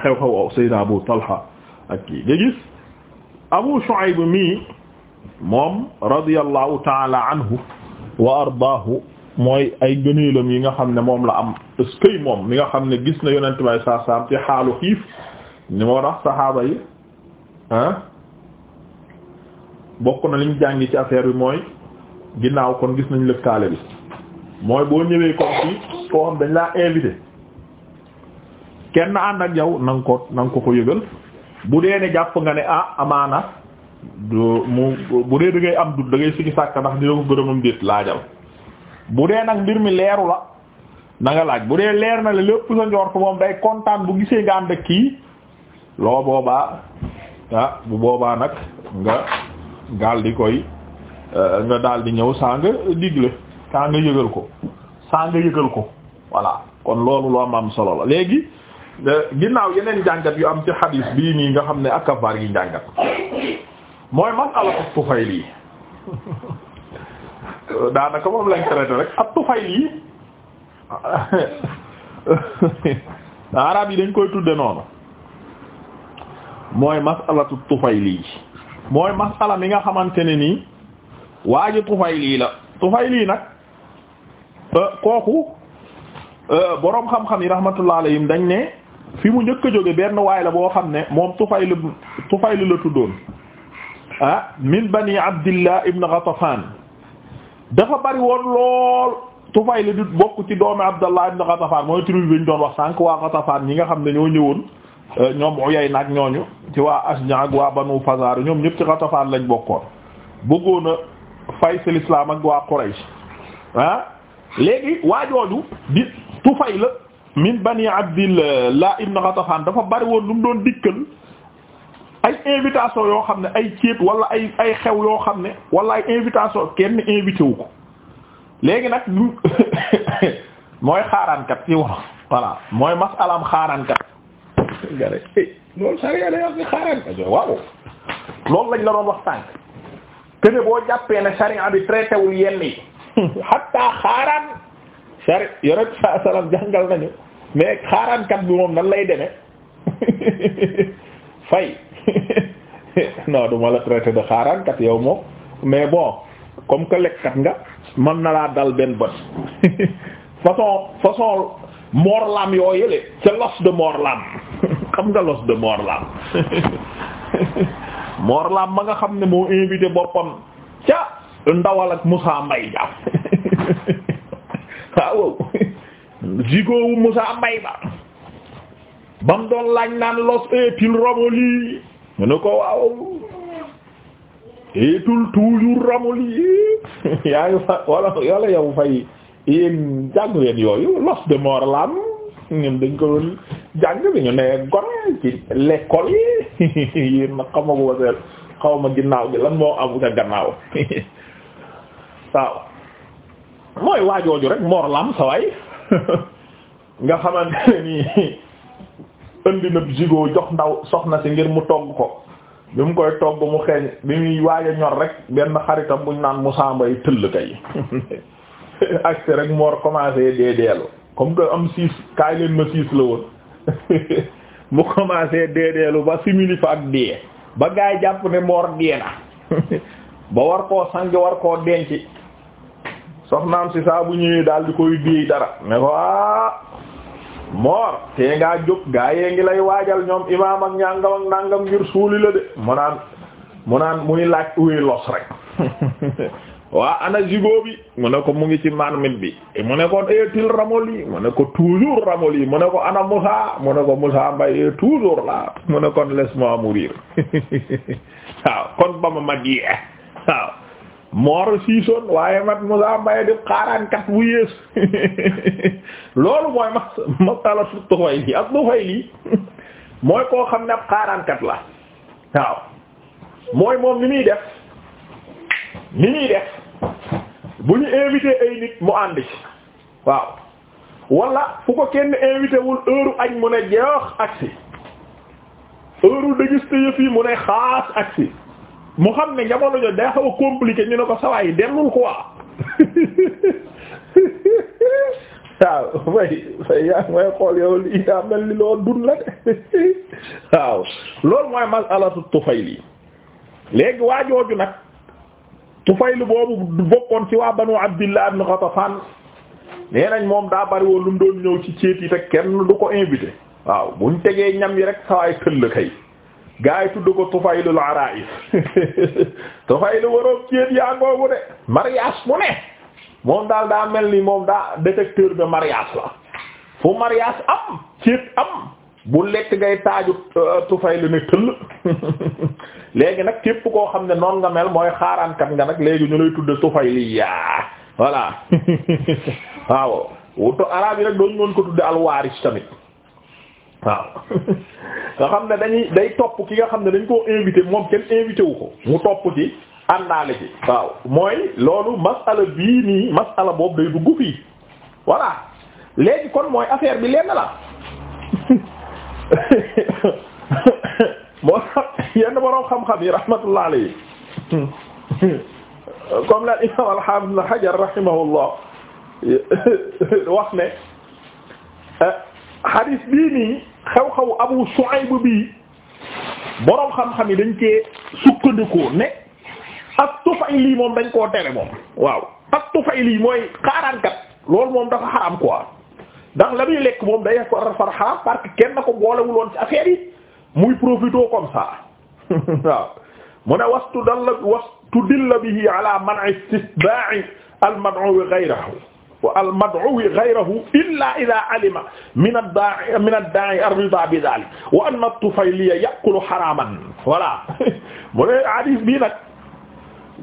xew xew Seydina Abu Talha ak kii nga gis Abu Shuayb mii moom radiyallahu taala anhu wa ardaahu mooy ay gëneelam yi nga xam ne moom la am ëskay moom mi nga xam ne gis na yonent bay saa saam ci xaalu xiif ni moo tax saxaaba yi ah bokk na liñ jàngi ci affaire bi mooy ginnaaw kon gis nañ lëkkaale bi mooy boo ñëwee comme ci koo xam dañ laa invité kenn ànd ak yow na ko na nga ko ko yëgal bu dee ne jàpp nga ne ah, amaana mu bu dee da am dut da ngay sikki sàkk ndax dina ko gërëmam déet laajal bu dee nag mbir mi leeru la na laaj bu dee leer na la lépp sa njort moom day kontaan bu gisee nga ànd ak kii loo boobaa ah bu boobaa nag nga gaal di koy Euh, nga daal di ñëw saa nga digle saa nga yëgal ko saa nga yëgal ko voilà kon loolu lu am am solo la léegi euh, ginnaaw yeneen njàngat yu am ci xadiis bii nii nga xam ne ak kafaar yi njàngat mooy masala ak Tufayli daanaka moom lañ traité rek ak Tufayli arab yi dañ koy tudde noonu mooy masalatu Tufayli mooy masala mi nga xamante ne nii waa ji Tufayli la Tufayli nag euh, kooku euh, boroom xam-xam yi rahmatullah alayhim dañ ne fi mu njëkk jóge benn waay la boo xam ne moom Tufayl Tufayl la tuddoon ah min bani Abdillah ibn Ghatafan dafa bari woon lool Tufayl du bokk ci doomi Abdallah ibn Ghatafan mooy tribu bi ñu doon wax sànq waa Ghatafan ñi nga xam ne ñoo ñëwoon euh, ñoom Uyayna ak ñooñu ci waa Asja ak waa Banu Fazar ñoom ñëpp ci Ghatafan lañ bokkoon bëggoon faysil islam ak waa Quraysh ah léegi waa jooju di Tufayl min bani Abdillah ibn Ghatafan dafa bari woon lu mu doon dikkal ay invitation yoo xam ne ay céet wala ay ay xew yoo xam ne wala ay invitation kenn invité wu ko léegi nag mooy xaaraankat ci wolof voilà mooy masalaam xaaraankat eh, loolu sariya day wax ci xaaraankat waaw loolu lañ la doon wax tànk kene boo jàppee na sharia bi traité wul yenn yi hatta xaaraan shari yore saa salaam jàngal nañu mais xaaraankat bi moom nan lay deme fay non du la traité de xaaraankat yow moom mais bon comme que lekkat nga mën na laa dal benn bët façon façon morlam yoo yële ca los de morlam xam nga los de morlam Mor Lam ma nga xam ne moo invité boppam ca ndawal ak Moussa Mbaye Dia waaw jigoowu Moussa Mbaye ba bam doon laaj naan los est-il ramolli mu ne ko waaw est-il toujours ramolli yaa ngi fa wala yow fay yéen jàng leen yooyu los de Mor Lam ñun dañ ko doon jàng bi ñu ne gone ci l'école yi yéen nag xamagu ma xaw ma ginnaaw gi lan moo am ca gannaaw waaw mooy waajooju rek Mor Lam saway nga xamante nii indi na jigo jox ndaw soxna si ngir mu togg ko bi mu koy togg mu xeeñ bi muy waaja ñor rek benn xaritam buñ naan Musaa Mbay tëll kay ak rek Mor commencé deedeelu comme que am siis kaay leen ma siis la woon mu commencé deedeelu ba simili fa ak dee ba gaay jàpp ne moor dee na ba war koo sang war koo denc soxnaam si saa ñëwee daal di koy déey dara ne ko ah moor tee ngaa jóg gaa yee ngi lay waajal ñoom imaam ak ñàngam ak nàngam ngir suuli la de mu naan mu muy laaj uwe los rek waa ana jigo mu ne ko mu ngi ci marmite bi mu ne ko etil ramoli mu ne ko toujours ramoli mu ne ko ana Musa mu ne ko Musa Mbaye toujours là mu ne kon laisse-moi mourir waaw kon ba ma mag yi eh waaw moor siisoon waaye mat Musa Mbaye di xaaraankat bu yées loolu mooy ma masala su tufay lii ak tufay mooy koo xam ne ab xaaraankat la waaw mooy moom ni muy def ni def bu ñu invité ay nit mu ànd ci waaw wala fu ko kenn invité wul heure añ mu ne jeex agsi heure déguste yëf yi mu ne xaas agsi mu xam ne jamono jo day xaw a ñu ne ko sawaay yi ko waaw fay fay yaa mel ni loo dun la de waaw loolu mooy masalatu Tufayli léegi waajooju nag Tufayl boobu bokkoon ci waa banu Abdillah ibn Ghatafan nee nañ moom daa bari woon lu mu doon ñëw ci ceet yi te kenn du ko invité waaw buñ tegee ñam yi rek sawaay këll kay gaa yi tudd ko Tufaylul Ara'is Tufayl waroon ceet yaa ngoogu de mariage mu ne moom daal daa mel ni moom daa détecteur de mariage la fu mariage am ceet am bu lekk ngay taaju euh, tufay lu ne tëll léegi nag képp koo xam ne noon nga mel mooy xaaraankat nga nag léegi ñu lay tudde tufay li yaa voilà waaw wuto araab yi nag doon ñoon ko tudde alwaaris tamit waaw nga xam ne dañuy day topp ki nga xam ne dañ koo invité moom kenn invité wu ko mu topp ci àndaale ci waaw mooy loolu masala bii nii masala boobu day dugg fii voilà léegi kon mooy affaire bi lenn la moo tax yenn borom xam-xam yi rahmatullah alayhi comme la imam al-Hafiz Ibn Hajar rahimahullah wax ne eh, hadis bii nii xew-xew Abu Shuayb bii borom xam-xam yi dañ cee sukkandikoo ne at-Tufayli moom dañ koo tere moom waaw at-Tufayli mooy xaaraankat loolu moom dafa xaram quoi. ndax la muy lekk moom day far farxaa parce que kenn na ko boolewul woon ci affaire yi muy profité comme ça waaw mu ne wastu dal la wastu dilla bihi ala man'i istisba'i al-mad'u ghayrahu wa al-mad'u ghayrahu illa idha alima min ad-da'i min ad-da'i ar-rida bi dhalik wa anna at-tufayliya ya'kulu haraman voilà mu ne hadith bi nag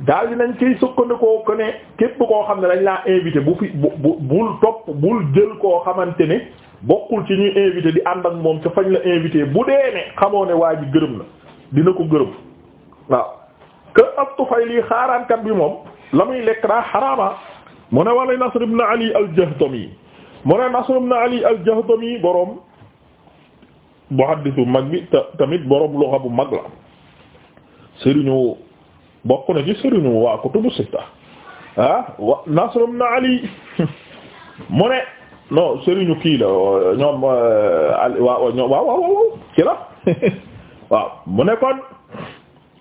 daal nañ ciy sukkandikoo ko ne képp koo xam ne dañ laa invité bu fi bu bul topp bul jël koo xamante ne bokkul ci ñuy invité di ànd ak moom ci fañ la invité bu dee ne xamoo ne waa ji gërëm na dina ko gërëm waaw que ab tufay lii xaaraankat bi moom la muy lekk daa xaraama mu ne wala Nasr ibn Ali al-Jahdami mu ne Nasr ibn Ali al-Jahdami boroom muhaddisu mag bi tamit boroom loxa bu mag la sëriñu bokk na ci sëriñu waa kutubu sitta ah wa Nasr ibn Ali mu ne non sëriñu kii la ñoom euh, waaw waaw waaw waaw ci waaw mu ne kon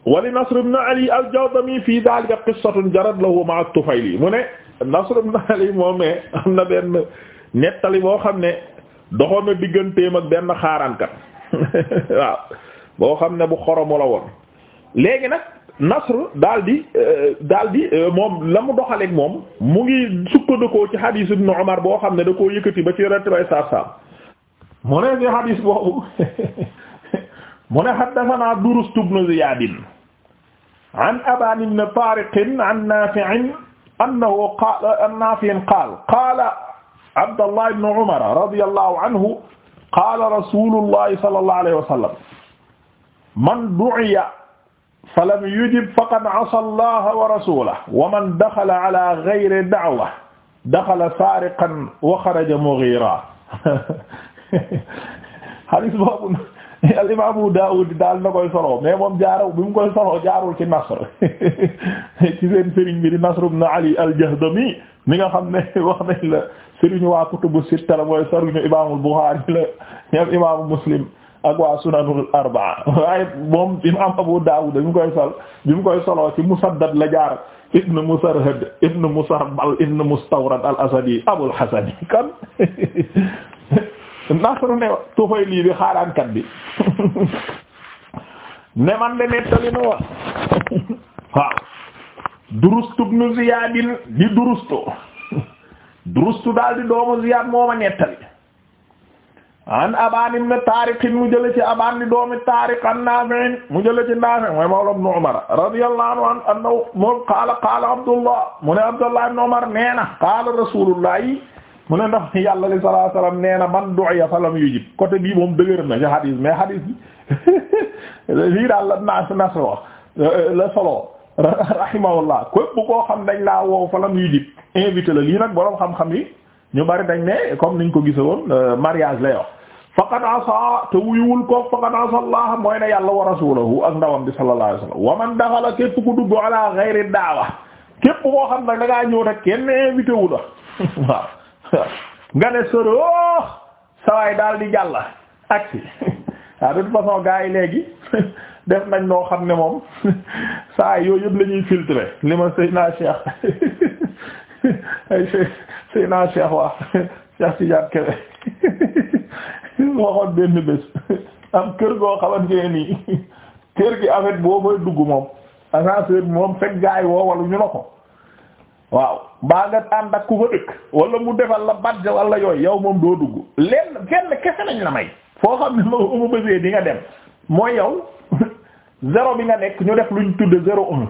wali Nasr ibn Ali al-Jawdami fii daalika qissatun jarat lahu ma'a Tufayli mu ne Nasr ibn Ali moom ne am na benn nettali boo xam ne doxoon na digganteem ak benn xaaraankat waaw boo xam ne bu xoromu la woon léegi nag. Nasr daal di euh, daal di euh, moom la mu doxaleeg moom mu ngi sukkandikoo ci hadith Ibn Umar boo xam ne da koo yëkkati ba ci yonent bay saar saam mu ne ci hadith boobu mu ne haddathana Durust ibn Ziyad an Aban ibn Tariq an Nafi' annahu qaala an Nafi' qaala qaala Abdullah ibn Umar radiyallahu anhu qaala Rasulullah sallallahu alayhi wa sallam man du'iya fa lam yujib faqad asa allaha wa rasulahu wa man daxala ala gayri da'wa daxala saariqan wa xaraja mughira hadis boobu al imam Abu Daawud daal na koy solo mais moom jaaraw bi mu koy solo jaarul ci Nasr ci seen sëriñ bi di Nasr ibn Ali al-Jahdami mi nga xam ne wax nañ la sëriñ waa kutubu sitta la mooy sëriñu imaamul Buxaari la ñoom imaamu Muslim ak waa sunanul arbaa waaye moom imam Abu Dawud bi mu koy sol bi koy soloo ci Musaddad la jaar ibn Musarhad ibn Musarbal ibn Mustawrad al-Asadi Abul kon Nasr ne Tufayli bi xaaraankat bi ne man de nettali na woon Durustu ibn Ziyad di Durustu Durustu daal di doomu Ziyad moo ma nettali an Abaan ibn Taariq mu jëlee ci Abaan di doomi Taariq an Naafi' mu jëlee ci Naafi' mooy mawla ibn Umar radiyallahu anhu annahu moom qaala qaala Abdullah mu ne Abdullah ibn Umar nee na qaala Rasulullah yi mu ne ndax yàlla li sallallahu alayhi wasallam nee na man du'iya falam yujib côté bii moom dëgër na ci hadis mais hadis bi lii daal la naas na solo la solo rahimahullah képp koo xam dañ laa woow falam yujib invité la lii nag boroom xam-xam yi ñu bari dañ ne comme niñ ko gisoon euh, mariage la yoo faqad asa te wuyuwul koog faqad asa allah mooy ne yàlla wa rasulahu ak ndawam bi sallallahu alayhi wasallam wa képp ku dugg ala ghayri daawa képp koo xam nag da ngaa ñëw te kenn invité wu la nga ne soro sawaay daal di jàll aksi waaw de toute façon yi léegi def nañ noo xam ne moom saa yooyu yëpp la ñuy li ma sëy naa cheikh sëy naa cheikh waa cheikh si jàpp kebe waxoon benn bés am kër goo xamante ne nii kër gi affaire boo fay dugg moom ascenseur bi moom fekk gaay woowalu ñu la ko waaw baa nga ànd ak ku fa dëkk wala mu defal la badge wala yooy yow moom doo dugg lenn fenn kese lañ la may foo xam ne ma bësee di nga dem mooy yow zéro bi nga nekk ñu def luñ tudde zéro un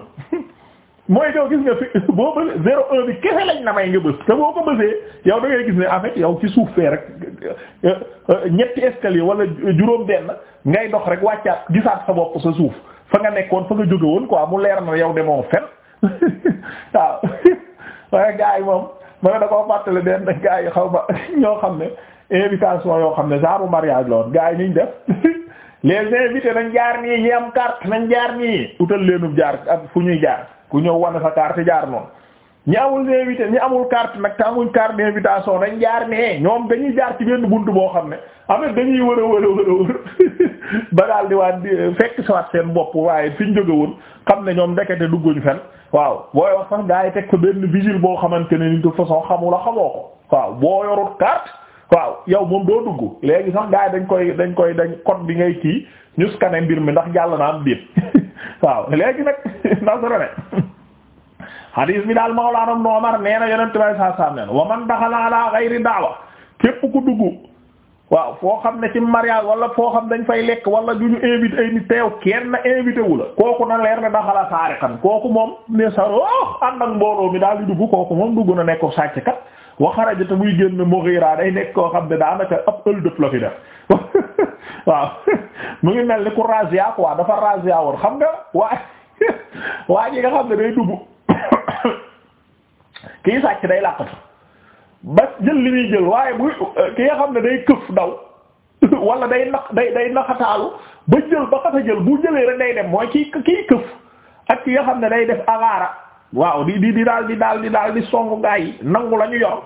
mooy doo gis nga fi boo bële zéro un bi kese lañ la may nga bës te boo ko bësee yow da ngay gis ne en fait yow ci suuf fee rek euh, euh, ñetti escalier wala juróom ngay dox rek wàccaat gisaat sa bopp sa suuf fa nga nekkoon fa nga jóge woon quoi mu yow demoo fen waaw waaye gars yi moom man da koo fàttali den gars xaw ma ñoo xam ne invitation yoo xam ne genre mariage la woon gars yi niñ def les invités nañ jaar nii ñi am carte nañ jaar nii utal leenub jaar ak fu ñuy jaar ku ñëw wane fa carte jaar noonu ñi amul invité ñi amul carte nag te amuñ carte d'invitation dañ jaar nee ñoom dañuy jaar ci benn buntu boo xam ne am dañuy wër a wër a wër a wër ba daal di waat fekk sawaat seen bopp waaye fi ñu jóge woon xam ne ñoom ndekete dugguñu fen waaw booy wax sax gaa yi teg ko benn boo xamante ne ni de façon xamula xamoo ko waaw boo yorut carte waaw yow moom doo dugg léegi sax gaa yi dañ koy dañ koy dañ code bi ngay kii ñu scanner mbir mi ndax jàll na am biir waaw léegi nag nasara ne hadis bi daal mawlaana Ibn Umar nee na yonent bay saa saam nen wa man daxala ala ghayri da'wa képp ku dugg waaw foo xam ne ci mariage wala foo xam dañ fay lekk wala du ñu invité ay teew kenn invité wu la kooku na leer na daxala saariqan kooku moom ne sa oh ànd ak mbooloo mi daal di dugg kooku moom dugg na nekk sàcc kat wa xaraja te muy génn Mughira day nekk koo xam ne daanaka ab ëll dëpp la fi def waaw mu ngi mel ni ku razzia quoi dafa razzia woon xam nga waa waa ji nga xam ne day dugg kii sàcc day làqatu ba jël li muy jël waaye bu ki nga xam ne day këf daw wala day nax day day naxataalu ba jël ba xasa jël bu jëlee rek day dem mooy kii kii këf ak ki nga xam ne day def alaara waaw di di di daal di daal di daal di songu gaa yi nangu la ñu yor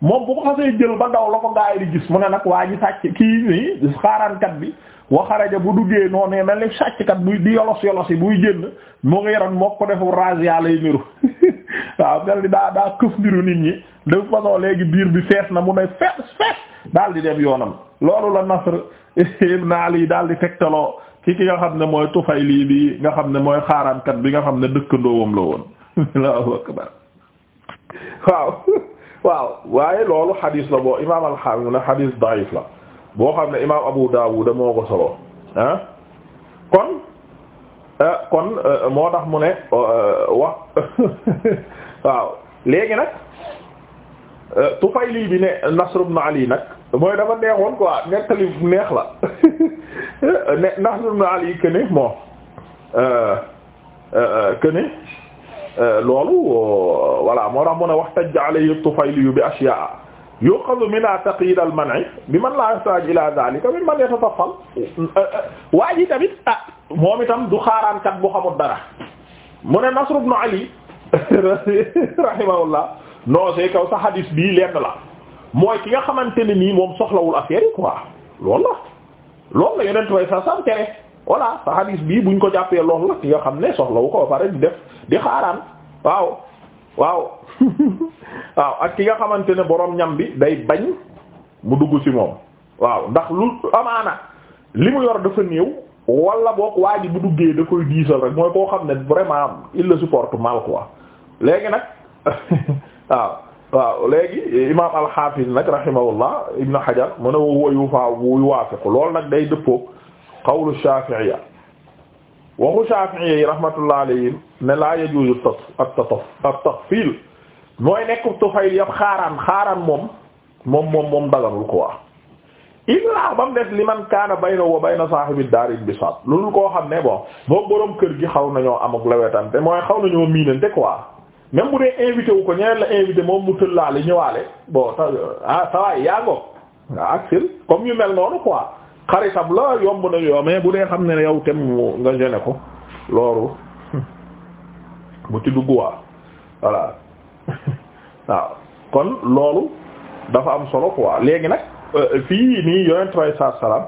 moom bu ko xasee jël ba daw la ko gaa yi di gis mu ne nag waa ji sàcc kii nii xaaraankat bi waxaraja bu duggee noonu mel ni sàcckat buy di yolos yolos yi buy génn moo ngi yaram moo ko defu razzia lay niru waaw mel ni daa daa këf niru nit ñi de façon léegi biir bi fees na mu ne fees fees daal di dem yoonam loolu la Nasr naa Ali daal di tegtaloo kii ki nga xam ne mooy Tufayli bi nga xam ne mooy xaaraankat bi nga xam ne dëkkandoowam la woon Allahu waaw waaw waaye loolu xadiis la boo imaam alxaam na xadiis daif la boo xam ne imaam Abu Daawud moo ko solo ah kon ah, kon ah, moo tax mu ne ah, wax waaw léegi nag Tufayli bi ne Nasr ibn Ali nag mooy dafa neexoon quoi nettali neex la ne Nasr ibn Ali que ne bon Euh, loolu euh, voilà moo tax mu ne wax tajj alayhi tufayli bi ashyaa yuqadu min taqyid bi man la yahtaj ila zalika min man yatataffal euh, waa ji tamit ah moom itam du xaaraankat bu xamul dara mu ne Nasr ibn Ali rahimahullah non c'est kaw sa hadis bii lenn la mooy ki nga xamante ne nii moom soxlawul affaire yi quoi loolu la loolu voilà sa hadis bii buñ ko jàppee lool la ki nga xam ne soxlawu ko ba pare di def di xaaraan waaw waaw waaw ak ki nga xamante ne boroom ñam bi day bañ mu dugg ci moom waaw ndax lu amaana li mu yor dafa néew wala boog waa ji bu duggee da koy diisal rek mooy koo xam ne vraiment il le supporte mal léegi nag waaw waaw léegi imam al-Hafiz nag rahimahullah ibn Hajar mu ne wa yuwaafiqu loolu nag day dëppook qawlu shafi'iyya waxu shafi'iyya yi rahmatullah alayhim ne la yajuzu at-tataf at-tafsil mooy nekk tufayl yëpp xaaraan xaaraan moom moom moom moom daganul ko waa illaa ba mu des li man kaana bayna wa bayna saahibi daar inbisaat loolu koo xam ne bon moom boroom kër gi xaw nañoo am ak lawetante mooy xaw nañoo miinante quoi même bu dee invité wu ko ñeneen la invité moom mu tëllaale ñëwaale bon ah ça va yaa ngoog nga ak comme yu mel noonu xaritam la yomb na yoo mais bu dee xam ne yow tem nga gene ko loolu bu ci dugg waa voilà waaw kon loolu dafa am solo quoi léegi nag euh, fii nii yonent bi alayhi salaam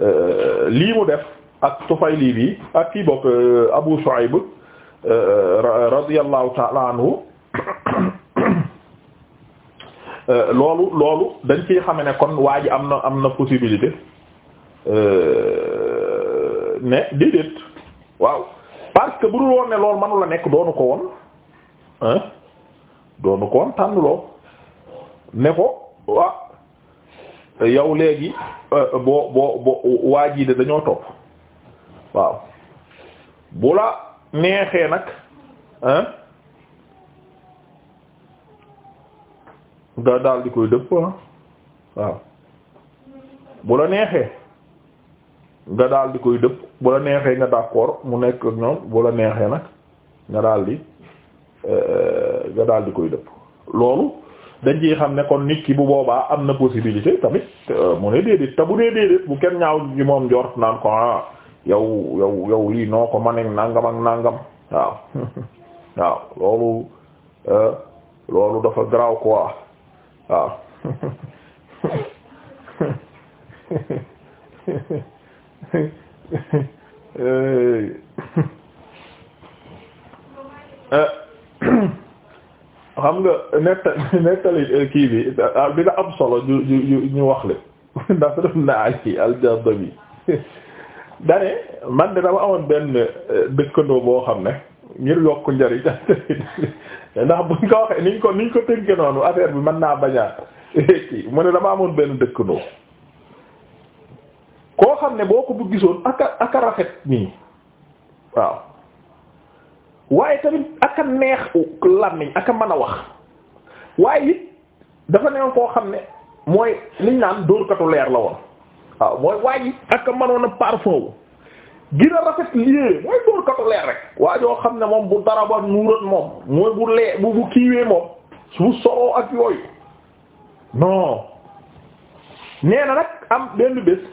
euh, lii mu def ak Tufayli bi ak kii bokk euh, Abu Shuayb radiyallahu ta'ala anhu loolu loolu dañ ciy xame ne kon waa ji am na am na possibilité ne euh, déedéet waaw parce que bu dul woon ne lool manu la nekk doonu ko woon hein doonu ko woon tànnuloo ne ko waa yow léegi euh, boo boo boo waa jii de dañoo topp waaw bu la neexee nag hein nga daal di koy dëpp waaw bu la neexee nga daal di koy dëpp bu la neexee nga d'accord mu nekk ak bu la neexee nag nga daal di euh, nga daal di koy dëpp loolu dañ ciy xam ne kon nit ki bu boobaa am na possibilité tamit euh, mu ne déedéet te bu dee déedéet bu kenn ñaaw ci moom njort naan ko ah yow yow yow lii noo ko ma neg nangam ak nangam waaw waaw loolu euh, loolu dafa garaaw quoi waaw xam nga netta nettali kii bi bi la am solo ñu ñu ñu wax le ndax naa ci aljardabi dane man de dama amoon benn dëkkandoo boo xam ne ngir yokk njariñ ndax buñ ko waxee niñ ko niñ ko tënke noonu affaire bi mën naa bañaat mu ne dama amoon ben dëkkandoo koo xam ne boo ko bu gisoon aka aka rafet nii waaw waaye tamit aka neex làmmiñ aka mën a wax waaye it dafa neex koo xam ne mooy liñ naan dóorkatu leer la woon waaw mooy waaye aka mënoon a parfum wu gën a rafet lii mooy dóorkatu leer rek waa xam ne moom bu dara ba nuuran moom mooy bu lee bu bu kiiwee moom su soroo ak yooyu non nee na nag am benn bés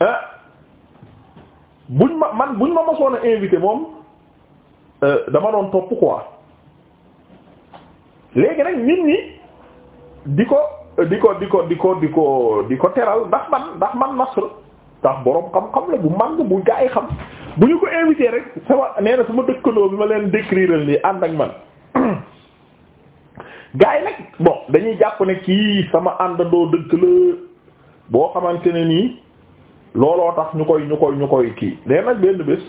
Euh, buñ ma man buñ ma mosoon a invité moom euh, dama doon topp quoi léegi rek nit ñi di ko di ko di ko di ko di ko di ko teral ndax man ndax man nasr ndax boroom xam-xam la bu màgg bu gaa xam bu ñu ko invité rek sama nee na ma dëkkandoo bi ma leen décrire nii ànd ak man gaa yi nag dañuy jàpp ne kii sama àndandoo dëkk la boo xamante ne nii looloo tax ñu koy ñu koy ñu koy kii léegi nag benn bés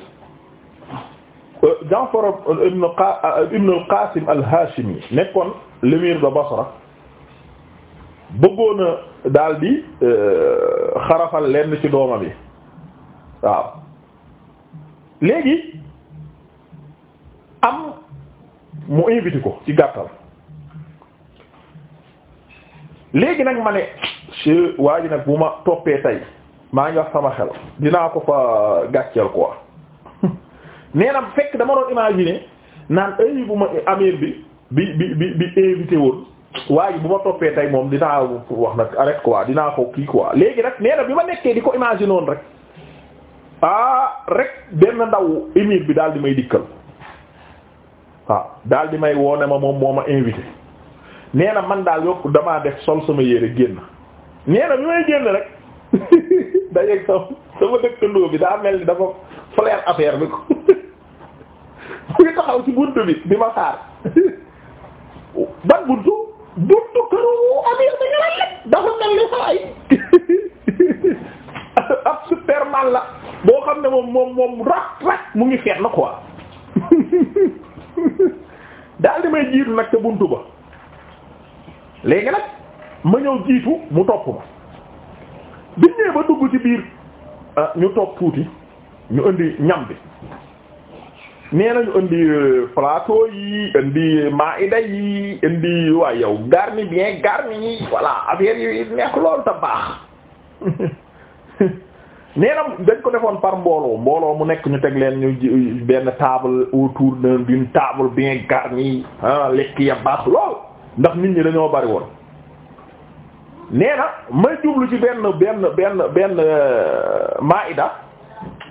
euh, Jaafar ibn euh, ibn al-Qasim al-Hashimi nekkoon l'émir de Basra bëggoon a daal di euh, xarafal lenn ci doomam yi waaw léegi am mu invité ko ci gàttal léegi nag ma ne si waa ji nag bu ma toppee tey maa ngi wax sama xel dinaa ko fa gàcceel quoi nee na fekk dama doon imaginer naan ay bu ma amir bi bi bi bi bi invité woon waaye bu ma toppee tey moom dinaa wax nag arrête quoi dinaa ko kii quoi léegi nag nee bi ma nekkee di ko imaginer woon rek ah rek benn ndaw émir bi daal di may dikkal waaw ah, daal di may woone ma moom moo ma invité nee na man daal yokk damaa def sol sama yére génn nee bi may génn rek. dajeeg sama sama dëkkandoo bi daa mel ni dafa flair affaire bi ko mu ngi taxaw ci buntu bi di ma xaar ban buntu buntu këru amir da nga la dafa mel ni saa ab superman la boo xam ne moom moom moom rak mu ngi feet na quoi daal di may jiitu nag ca buntu ba léegi nag ma ñëw jiitu mu topp ma biñ nee ba dugg ci biir ah, ñu toog tuuti ñu indi ñam bi nee nañu indi euh, plateau yi indi maida yi indi waa yow garni bien garni yi voilà affaire yi nekk loolu te baax nee na dañ ko defoon par mbooloo mbooloo mu nekk ñu teg leen ñu benn table autour d'une table bien garnie ah lekk ya baax lool ndax nit ñi dañoo bari woon nee na may jublu ci benn benn benn benn euh, maida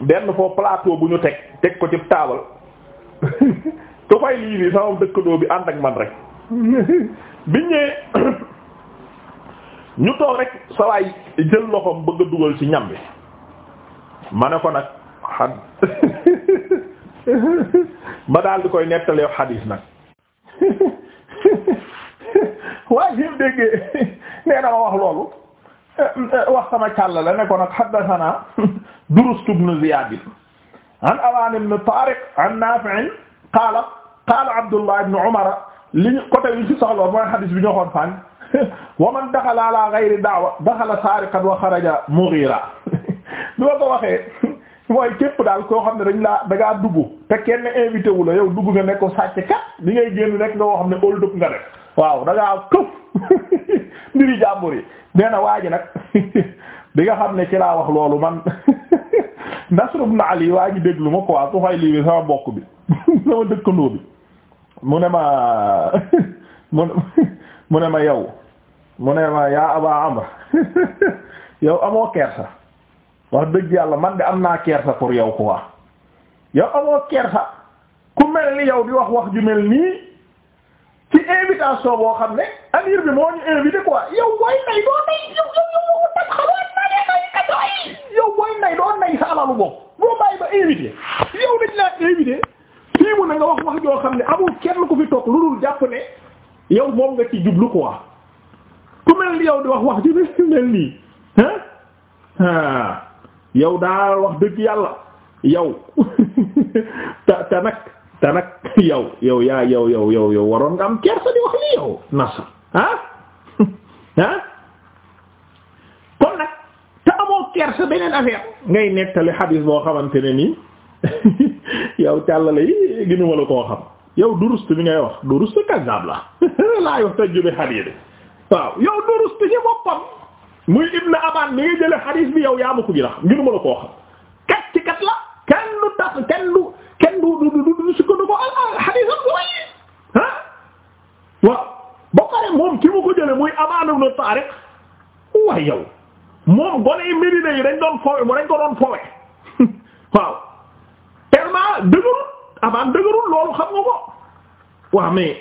benn foo plateau bu ñu teg teg ko ci taabal to fay lii bi sama dëkkandoo bi ànd ak man rek biñ ñëwee ñu toog rek sawaay jël loxoom bëgg a dugal ci ñam bi mane ko nag xad ma daal di koy nettaleew xadiis nag waaye bi mu nee na ma wax loolu eh, eh, wax sama càll la ne ko nag haddathana Durust ibn Ziyad an Awan ibn Tariq an Nafi' qaala qaala Abdullah ibn Umar li ñu côté yi ci soxla mooy hadith bi ñu waxoon wa man dakhala ala ghayri da'wa dakhala sariqan wa kharaja mughira bi ma ko waxee mooy képp daal koo xam ne dañ laa da duggu dugg te kenn invité wu la yow dugg nga nekk ko sàcc kat li ngay génn rek nga woo ne old up nga def waaw da ngaa këf jàmbur yi nee na waa ji nag bi nga xam ne ci laa wax loolu man Nasr ibn Ali waa ji déglu ma quoi su xay lii bi sama bokk bi sama dëkkandoo bi mu ne ma mu ne ma yow mu ne ma yaa Aba Amr yow amoo kersa wax dëgg yàlla man de am naa kersa pour yow quoi yow amoo kersa ku mel ni yow di wax wax ju mel nii soo boo xam ne amir bi moo ñu invité quoi yow yow booy nay doo nay sa alalu bopp boo bàyyi ba invité yow dañ laa invité fii mu ne nga wax wax joo xam ne amul kenn ku fi toog lu dul jàpp ne yow moom nga ci jublu quoi ku mel yow di wax wax ji mel nii ah yow daal wax dëgg yàlla yow te te nag. te nag yow yow yaa yow yow yow yow waroon nga am kersa di wax li yow nasa ah ah kon nag te amoo kersa beneen affaire ngay nettali xadiis boo xamante ne nii yow càllale yi gënu wala koo xam yow durust bi ngay wax durust kazzab la laa yox taj jube xadiis bi waaw yow durust ci boppam muy ibn aban mi nga jële xadiis bi yow yaa ma ko gën a xam gënu wala koo xam kat ci kat la kenn du tax kenn du kenn du du du du sukkandiku al ah ah xadiis am way ah waaw ba pare moom ki mu ko jële muy Amaana ibn Taariq waaye yow moom gone yi Medina yi dañ doon fowe mu dañ ko doon fowe waaw tellement dëgërul Amaana dëgërul loolu xam nga ko waaw mais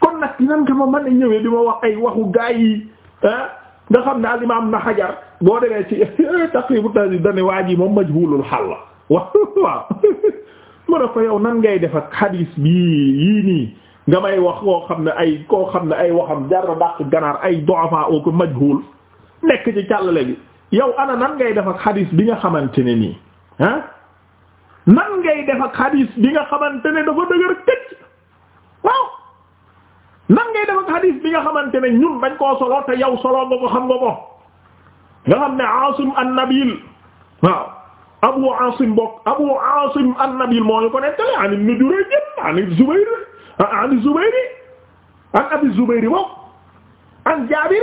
kon nag nan nga ma mën a ñëwee di ma wax ay waxu gaa yi ah nga xam ne al imaam na xajar boo demee ci Taqribu Tahdhib dane waa ji moom majhulul xal la waaw waaw mu ne yow nan ngay def ak xadiis bii yii nii nga may wax koo xam ne ay koo xam ne ay waxam jarra dàq ganaar ay du'afa oo ko majhul nekk ci càllale bi yow ana nan ngay def ak xadiis bi nga xamante ne nii ah nan ngay def ak xadiis bi nga xamante ne dafa dëgër këcc waaw nan ngay def xadiis bi nga xamante ne ñun bañ koo solo te yow solo nga ko xam nga ko nga xam ne Asim an waaw Abu Asim bokk Abu Asim an-Nabil moo ñu ko an Ibn Jurayj an Zubayr an Zubayr an Abi Zubayr bokk an Jaabir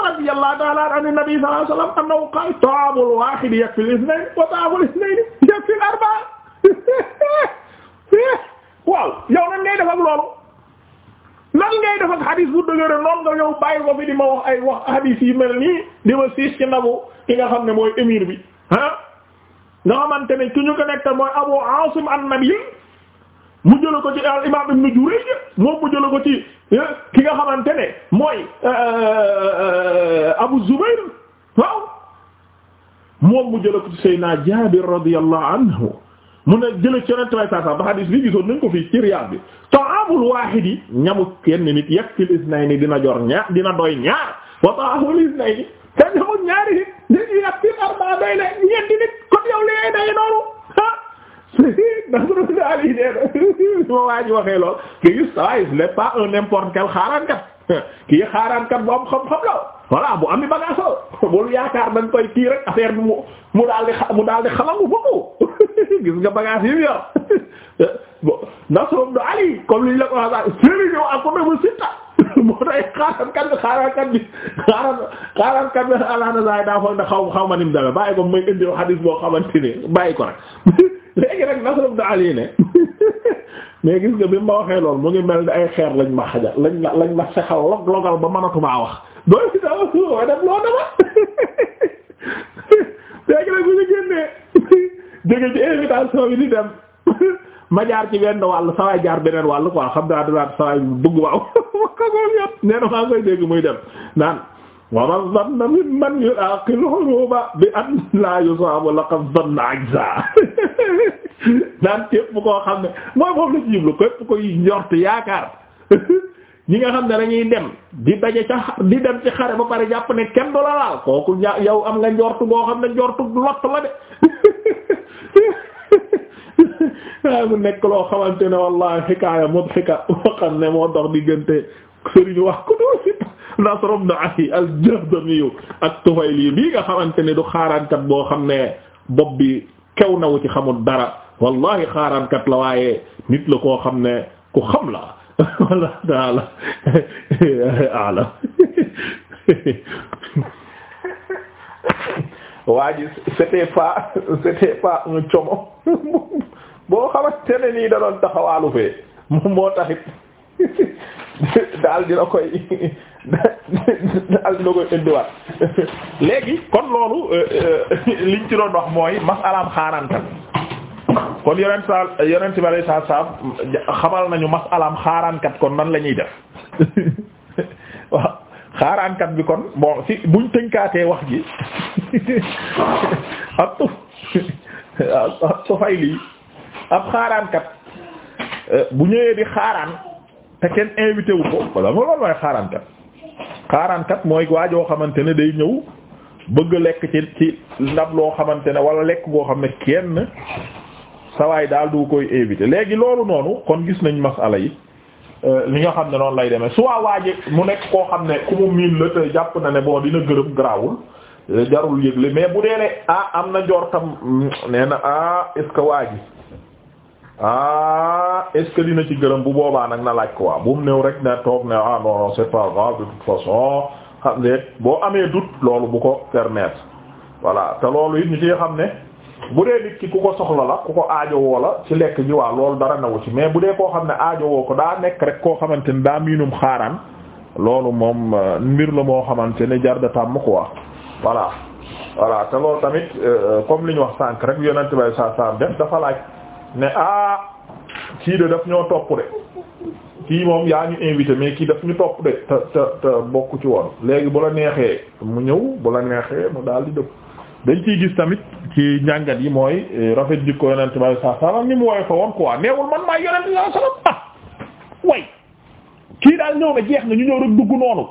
radiyallahu ta'ala an an-Nabi sallallahu alayhi wa sallam annahu qaala taabul waahid yakfi al-ithnayn yakfi al-arba'a yow nan ngay def loolu nan ngay def ak hadith bu dëgër noonu nga yow bàyyi ko fi di nga xam ne mooy émir bi ah. nga xamante ne ki ñu ko nekkal mooy Abu Asim an-Nabil mu jëla ko ci al imam Ibn Jurayj moom mu jëla ko ci eh, ki nga xamante ne mooy eh, eh, Abu Zubayr waaw moom mu jëla ko ci Seydina Jaabir radiyallahu anhu mu ne jëla ci yonent bay saa sa ba xadiis gisoon nañ ko fii ci Riyaad bi ta'aamul waahid yi ñamu kenn nit yakfil ni dina jor ñaar dina doy ñaar wa ta'aamul isnayni te ñamu ñaari léegi nag fii arbaa doy na ñeenti nit kon yow li ngay day noonu ah nasrullah yi nee na su ma waa ji waxee lool ki gis ça ah, n'est pas un n'importe quel xaaraankat kii xaaraankat bu am xam-xam la voilà bu am i bagage bul yaakaar dañ koy kii rek bi mu mu daal di mu daal di xalangu foofu gis nga bagage yi mu yor bon nasrullah Ali comme li ñu la ko waxee sëriñoo ak ko mu sitta moo tax xaarankat bi xaarankat bi xaaran xaarankat bi alaana saay daa foog xaw xaw ma nim dame bàyyi ko may indi xadiis boo xamante ne bàyyi ko rek léegi rek nasrob da ali mais gis nga bi ma waxee lool mu ngi mel ni ay xeer lañ ma xaja lañ la lañ ma sexal log logal ba mënatumaa wax dooy si daa suwa def loo dama léegi rek bu ñu génnee jóge ci invitation bi di dem ma jaar ci benn wàll sawaay jaar beneen wàll quoi xam daa dadaa sawaay bëgg waaw kakool na muy dem naan waman zanna min la yusaabu laqad zanna ajza naan képp koo xam ne mooy moom koy njort yaakaar ñi nga xam ne dañuy dem di daje ca ba pare jàpp ne kenn yow am nga njortu boo xam ne njortu lott la de waaye mu nekk loo xamante ne wallahi xikaaya mudhika boo xam ne moo dox diggante sëriñu wax ko doo si Nasr ibn Ali al-Jahdami ak Tufayli bii nga xamante ne du xaaraankat boo xam ne bopp bi kew na wu ci xamul dara wallahi xaaraankat la waaye nit la koo xam ne ku xam la walla waa ji c'était pas c'était pas un como boo xamante ne nii da doon taxawaalu fee moom moo taxit daal dina koy daal dina koy indiwaat léegi kon loolu liñ ci doon wax mooy masalaam xaarantal kon yonent sa yonent bi alay sa salam xamal nañu masalaam xaaraankat kon nan la ñuy def waaw xaaraankat bi kon bon si buñ tënkaatee wax ji ak tuf waaw Tufayli ab xaaraankat euh, bu ñëwee di xaaraan te kenn invité wu ko walla loolu mooy xaaraankat xaaraankat mooy waajoo xamante ne day ñëw bëgg lekk ci ci ndab loo xamante ne walla lekk goo xam ne kenn sawaay daal du koy invité léegi loolu noonu kon gis nañ masala yi euh, li nga xam ne noonu lay demee su waa waaje mu nekk koo xam ne ku mu miin la te jàpp na ne bon dina gërëm garaawul jarul yëgle mais bu dee ne ah am na njortam mm, nee na ah est ce yi ah est-ce dina ci gërëm bu boobaa nag na laaj quoi bu mu néew rek ne toog ne ah non c'est pas grave de toute façon xam ne boo amee doute loolu bu ko permettre voilà te loolu it ñu ci xam ne bu dee nit ki ku ko soxla la ku ko aajowoo la ci lekk ji waa loolu dara nawu ci mais bu dee koo xam ne aajowoo ko daa nekk rek koo xamante ne daa miinum xaaraan loolu moom euh, mbir la moo xamante ne jar da tàmm quoi voilà voilà te loolu tamit euh, euh, comme li ñu wax sànq rek yonent bay sa dafa laaj ne ah kii de daf ñoo topp de kii moom yaa ñu invité mais kii daf ñu topp de te te bokk ci woon léegi bu la neexee mu ñëw bu la neexee mu daal di dëpp dañ ciy gis tamit ci njàngat yi mooy eh, rafet jikko yonent bi saa salaam ni mu woy woon quoi neewul man maa yonent ah, kii daal ñëw na jeex na ñu ñëw rek dugg noonu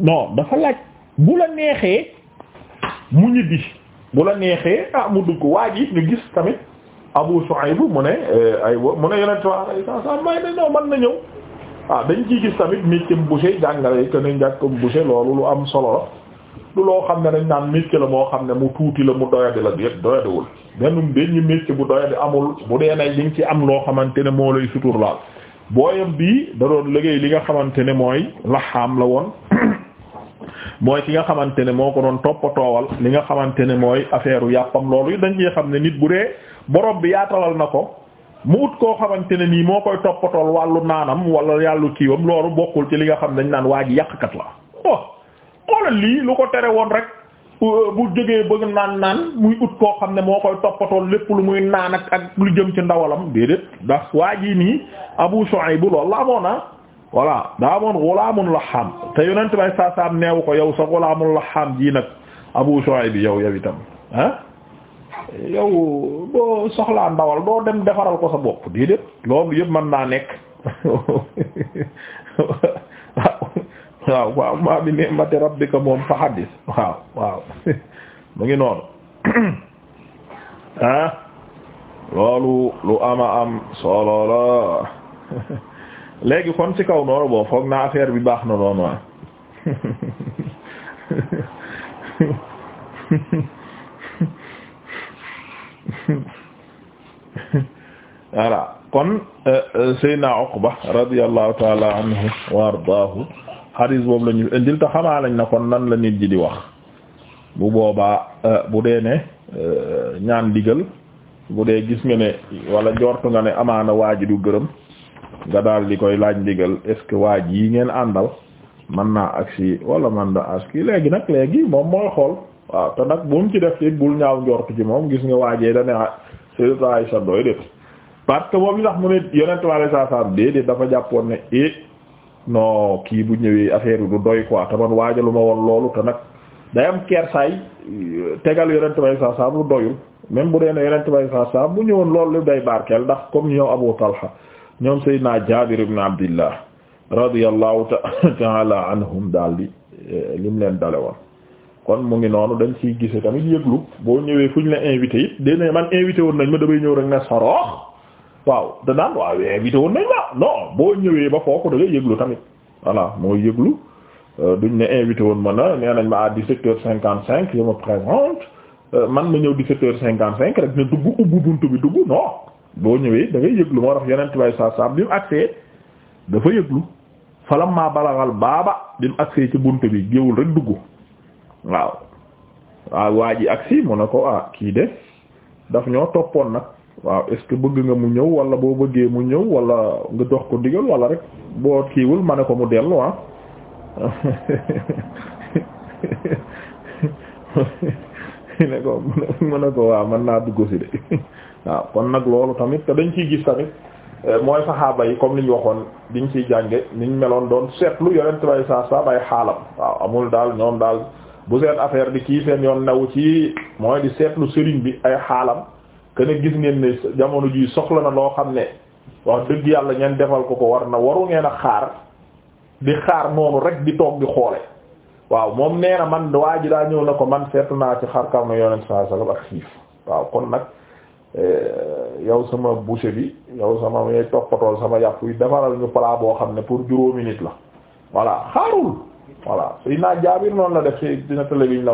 non dafa laaj bu la neexee mu ñibbi bu la neexee ah mu dugg waa yi ñu gis tamit Abu Shuayb mu ne eh, aywa mu ne yeneen trois ay cent cent may ne non mën na ñëw waaw ah, dañ ciy gis tamit métier boucher jàngale que ne njàkkam boucher loolu lu am solo la du loo xam ne dañ naan métier la moo xam ne mu tuuti la mu doyadi la déet doyadiwul benn benn métier bu doyadi amul bu dee nag dañ ci am loo xamante ne moo lay suturlaal booyam bii da doon liggéey li nga xamante ne mooy laxaam la woon mooy ki nga xamante ne moo ko doon toppatoowal li nga xamante ne mooy affaire u yàppam loolu dañ ci xam ne nit bu dee borom bi yaatalal na ko mu ut koo xamante ne nii moo koy toppatool wàllu naanam wala yàllu kiiwam loolu bokkul ci li nga xam dañ naan waa ji yàqkat la oh xoolal lii lu ko tere woon rek bu jógee bëgg naan naan muy ut koo xam ne moo koy toppatool lépp lu muy naan ak ak lu jëm ci ndawalam déedéet ndax waa ji nii Abu Shuayb bu loolu la amoon na ah. voilà daa amoon la lahaam te yonent bay saa saam neewu ko yow sa ghulaamun lahaam ji nag Abu Shuayb bi yow yow ah. yow boo soxlaa ndawal doo dem defaral ko sa bopp déedéet loolu yëpp mën naa nekk waaw waaw maa bi ni'mati rabbika moom fa xaddis waaw waaw mu ngi noonu ah loolu lu ama am solo la léegi kon ci kaw noonu boo foog na affaire bi baax na noonu waaw ah. voilà kon euh, euh, Seydina Uqba radiyallahu taala anhu wa ardaahu hadis boobu lañu indil te xamaa lañ na kon nan la nit ji di wax bu boobaa euh, bu dee ne ñaan digal bu dee gis nga ne wala njortu nga ne amaana waa ji du gërëm nga daal di koy laaj digal est-ce que waa ji yi ngeen àndal man naa agsi wala man da agsi léegi nag léegi moom mooy xool waaw te nag bu mu ci def ci bul ñaaw njort ci moom gis nga waajee da ne ah Sayyida def parce que moom li tax mu ne yonent bi alayhi salaam déedéet dafa jàppoon ne eh non kii bu ñëwee affaire yi du doy quoi te man waajalu ma woon loolu te nag day am kersaay euh, tegal yonent bi alayhi salaam lu doyul même bu dee ne yonent bi alayhi salaam bu ñëwoon loolu lu day barkeel ndax comme ñoom Abu Talha ñoom Seydina Jaabir ibn Abdillah radiyallahu ta'ala anhum daal di euh, lim leen dale woon kon mu ngi noonu dañ ciy gise tamit yëglu boo ñëwee fu ñu la invité it dina man invité woon nañ ma damay ñëw rek ne saroox waaw da daan waaw invité woon nañ la non boo ñëwee ba foofu da yëglu tamit voilà mooy yëglu euh, duñ ne invité woon ma na nee nañ ma à dix-sept heures cinquante-cinq je me présente euh, man ma ñëw dix-sept heures cinquante-cinc rek ne dugg ubbu buntu bi dugg non boo ñëwee da ngay yëglu moo tax yeneen way sa sam bi mu agsee dafa yëglu falam maa balaxal baaba bi mu agsee ci bunt bi géewul rek dugg waaw waaw waa ji agsi mu ne ko ah kii de daf ñoo toppoon nag waaw est-ce que bëgg nga mu ñëw wala boo bëggee mu ñëw wala nga dox ko digal wala rek boo kiiwul ma ne ko mu dellu waa ah. ne ko mu ne ko waaw mën naa dugg si de waaw kon nag loolu tamit te dañ ciy gis tamit eh, mooy saxaaba yi comme li waxoon diñ ciy jànge niñ meloon doon seetlu yonent bay saa saa bay xaalam waaw amul daal ñoom daal bu seen affaire bi kii seen yoon new ci mooy di seetlu sëriñ bi ay xaalam kene gis ngeen ne jamono ji soxla na loo xam ne wax dëgg yàlla ngeen defal ko ko war na waru ngeen a xaar di xaar moomu rek di toog di xoole waaw moom nee na man waa ji daa ñëw na ko man seetlu naa ci xarkam na yonent saa sallam ak xiif waaw kon nag eh, yow sama boucher bi yow sama may toppatool sama yàpp yi defaral ñu plat boo xam ne pour juróomi nit la voilà xaarul voilà suy naa jaabir la def si dina télé bi ñu la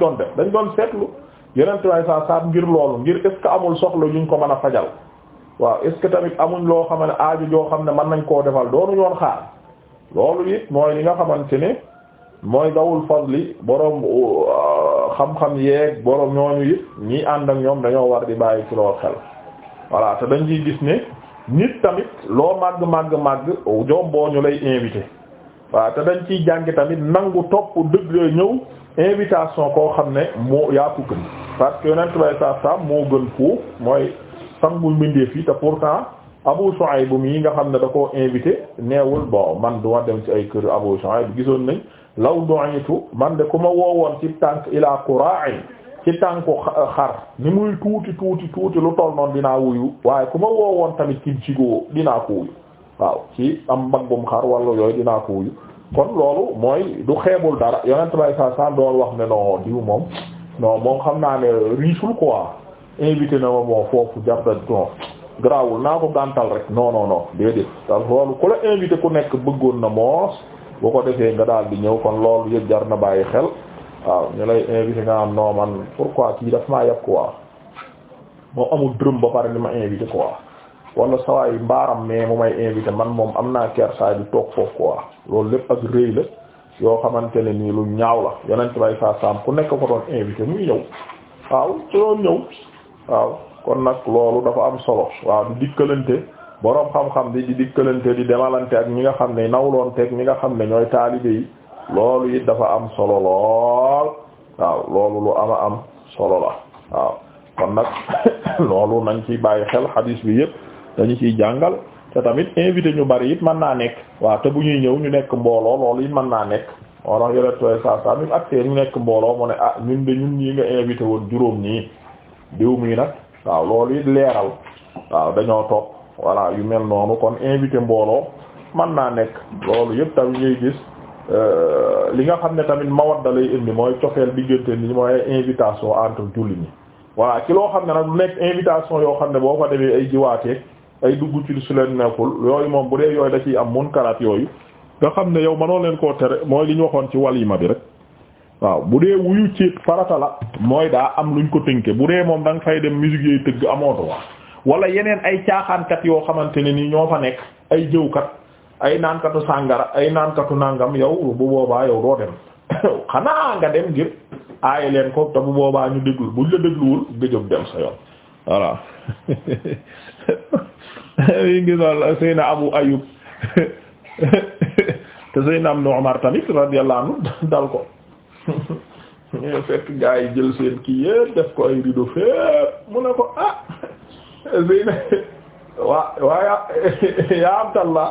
doon def dañ doon seetlu yeneen waay saa saab ngir loolu ngir est ce que amul soxla yuñ ko mën a fajal waaw est ce tamit amuñ loo xam ne aaju joo xam ne mën nañ koo defal doonu ñoon xaar loolu it mooy li nga xamante ne mooy dawul fadli boroom euh, xam-xam yee boroom ñooñu it ñii ànd ak ñoom dañoo war di bàyyi ci loolu xel voilà te dañ ci gis ne nit tamit loo màgg màgg màgg jom boo ñu lay invité waaw te dañ ciy jàng tamit nangu topp dëgg ñëw invitation koo xam ne moo yaa ko gën parce que yonent bay saa saa moo gën foofu mooy sangul mbindeef yi te pourtant Abu Shuayb mii nga xam ne da koo invité neewul bon man du dem ci ay kër Abu Shuayb gisoon nañ law du'itu man de ku ma woowoon ci tànk ila qura'i ci tànku xar ni muy tuuti tuuti tuuti lu toll noonu dinaa wuyu waaye ku ma woowoon tamit ci jigoo dinaa ko wuyu waaw ci am mbaggum xar wala yooyu dinaa ko wuyu kon loolu mooy du xeebul dara yonent bay sa sa doon wax ne non diw moom non moom xam naa ne riisul quoi invité na ma bon foofu jarda don grawul naa ko gàntal rek non non non déedéet parce loolu ku la invité ku nekk bëggoon na moos boo ko defee nga daal di ñëw kon loolu yëpp jar na bàyyi xel waaw ñu lay invité nga am man pourquoi kii daf maa yàpp quoi moom amul dërëm ba pare li ma invité quoi wala sawaay mbaaram mais mu may invité man moom am naa kersaay di toog foofu quoi loolu lépp ak rëy la yoo xamante ne nii lu ñaaw la yonent bay saa saam ku nekk ko doon invité muy ñëw waaw su ñëw waaw kon nag loolu dafa am solo waaw di boroom xam-xam di di dikkalante di demalante ak ñi nga xam ne nawloon teg ñi nga xam ne ñooy taalibe loolu it dafa am solo lool waaw loolu lu ama am solo la waaw kon nag loolu nañ ci bàyyi xel xadiis bi yépp dañu ci jàngal te tamit invité ñu bari it mën naa nekk waaw te bu ñuy ñëw ñu nekk mbooloo loolu it mën naa nekk moo tax yore ak nekk mbooloo mu ne ah ñun de ñun ñii nga invité woon juróom ñii diw mii nag waaw loolu it leeral waaw dañoo topp voilà yu mel noonu kon invité mbooloo mën naa nekk loolu yëpp tamit ñuy gis euh, li nga xam ne tamit ma mawadda lay indi mooy cofeel diggante ni mooy invitation entre julli ñi voilà ci loo xam ne nag lu nekk invitation yoo xam ne boo fa demee ay jiwaateeg ay dugg ci leen nekkul yooyu moom bu dee yooy da ciy am karaat yooyu nga xam ne yow mënoo leen koo tere mooy li ñu waxoon ci walima bi rek waaw bu dee wuyu ci farata la mooy daa am luñ ko tënke bu dee moom danga nga fay dem musique yooyu tëgg amootu wax wala yeneen ay caaxaankat yoo xamante ne ni ñoo fa nekk ay jëwkat ay naankatu sàngara ay naankatu nangam yow bu boobaa yow doo dem xanaa nga dem ngir aaye leen ko te bu boobaa ñu déglu buñ la dégluwul nga jóg yi gisoon Seyna Abu Ayyub te Seyna Ibn Umar tamit radiyallahu anhu dal ko eh, fekk gaa yi jël seen kii yépp def ko ay rido fépp mu ne ko ah Seyna waa waa yaa Abdallah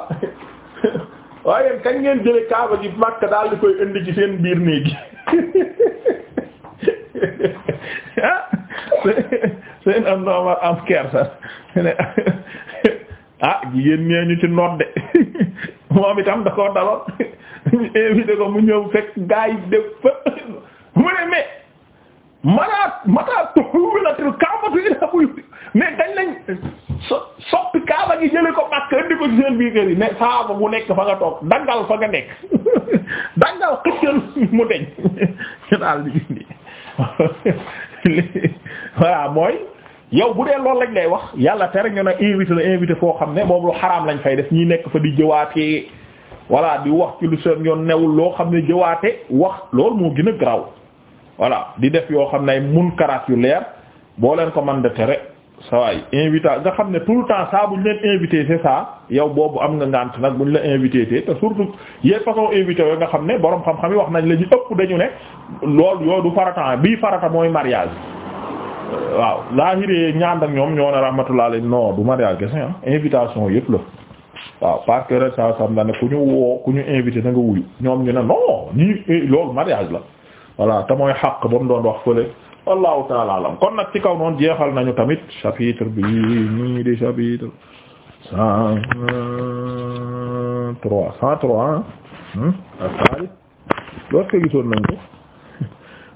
waaye kañ ngeen jële kaaba ji Makka daal di koy indi ci seen biir néegi ah Seyna Ibn Umar am kersa ne ah jigéen ñee ñu ci nodde moom itam da koo daloon ñu ko mu ñëw fekk gaa yi def mu ne mais manaat manaat tuulatul kaabatu ila buyut mais dañ lañ so soppi kaaba gi jële ko Makka indi ko ci seen biir kër yi mais saaba bu nekk fa nga toog dangal fa nga nekk dangal xëccal mu deñ ñu daal di indi mooy yow bu dee lool lañ lay wax yàlla tere ñu ne invité la invité foo xam ne moom lu xaraam lañ fay def ñi nekk fa di jëwaatee voilà di wax ci lu seen yoon newul loo xam ne jëwaate wax lool moo gën a graw voilà di def yoo xam ne ay karaat yu leer boo leen ko mën de tere invité nga xam ne tout le temps saa leen invité c'est ça yow boobu am nga ngànt nag bu la invité te surtout yéen façon invité yooyu nga xam ne borom xam-xam yi wax nañ la ñu ëpp dañu ne loolu yooyu du farata bii farata mooy mariage waaw laahiree ñaan ak ñoom ñoo ne rahmatullah alayhi non du mariage gese ah invitation yëpp la waaw parce que ren ku ñu woo ku ñu invité na nga wuyu ñoom ñu ne non nii eh, loolu mariage la voilà te mooy xàq ba mu doon wax fële wallahu taala alam kon nag ci kaw noonu jeexal nañu tamit chapitre bi ñii di chapitre cent trois cent trois hmm? ak saalis loolu ko gisoon nañ ko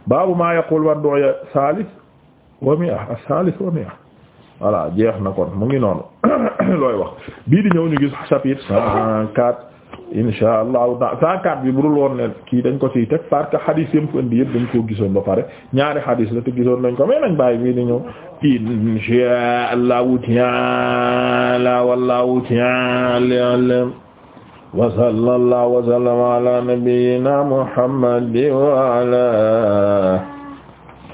baabu maa yaqul wan dooya saalis wa mi'a as-salis wa mi'a voilà jeex na kon mu ngi noonu looy wax bii di ñëw ñu gis chapitre cent quatre insha allahu taala cent quatre bi budul woon ne kii dañ ko ciy teg parce que xadis yam fu indi yëpp dañ koo gisoon ba pare ñaari xadis la te gisoon nañ ko mais nañ bàyyi bii di ñëw insha allahu taala wallahu taala alam wa sallallahu wa sallama ala nabiyyina muhammad wa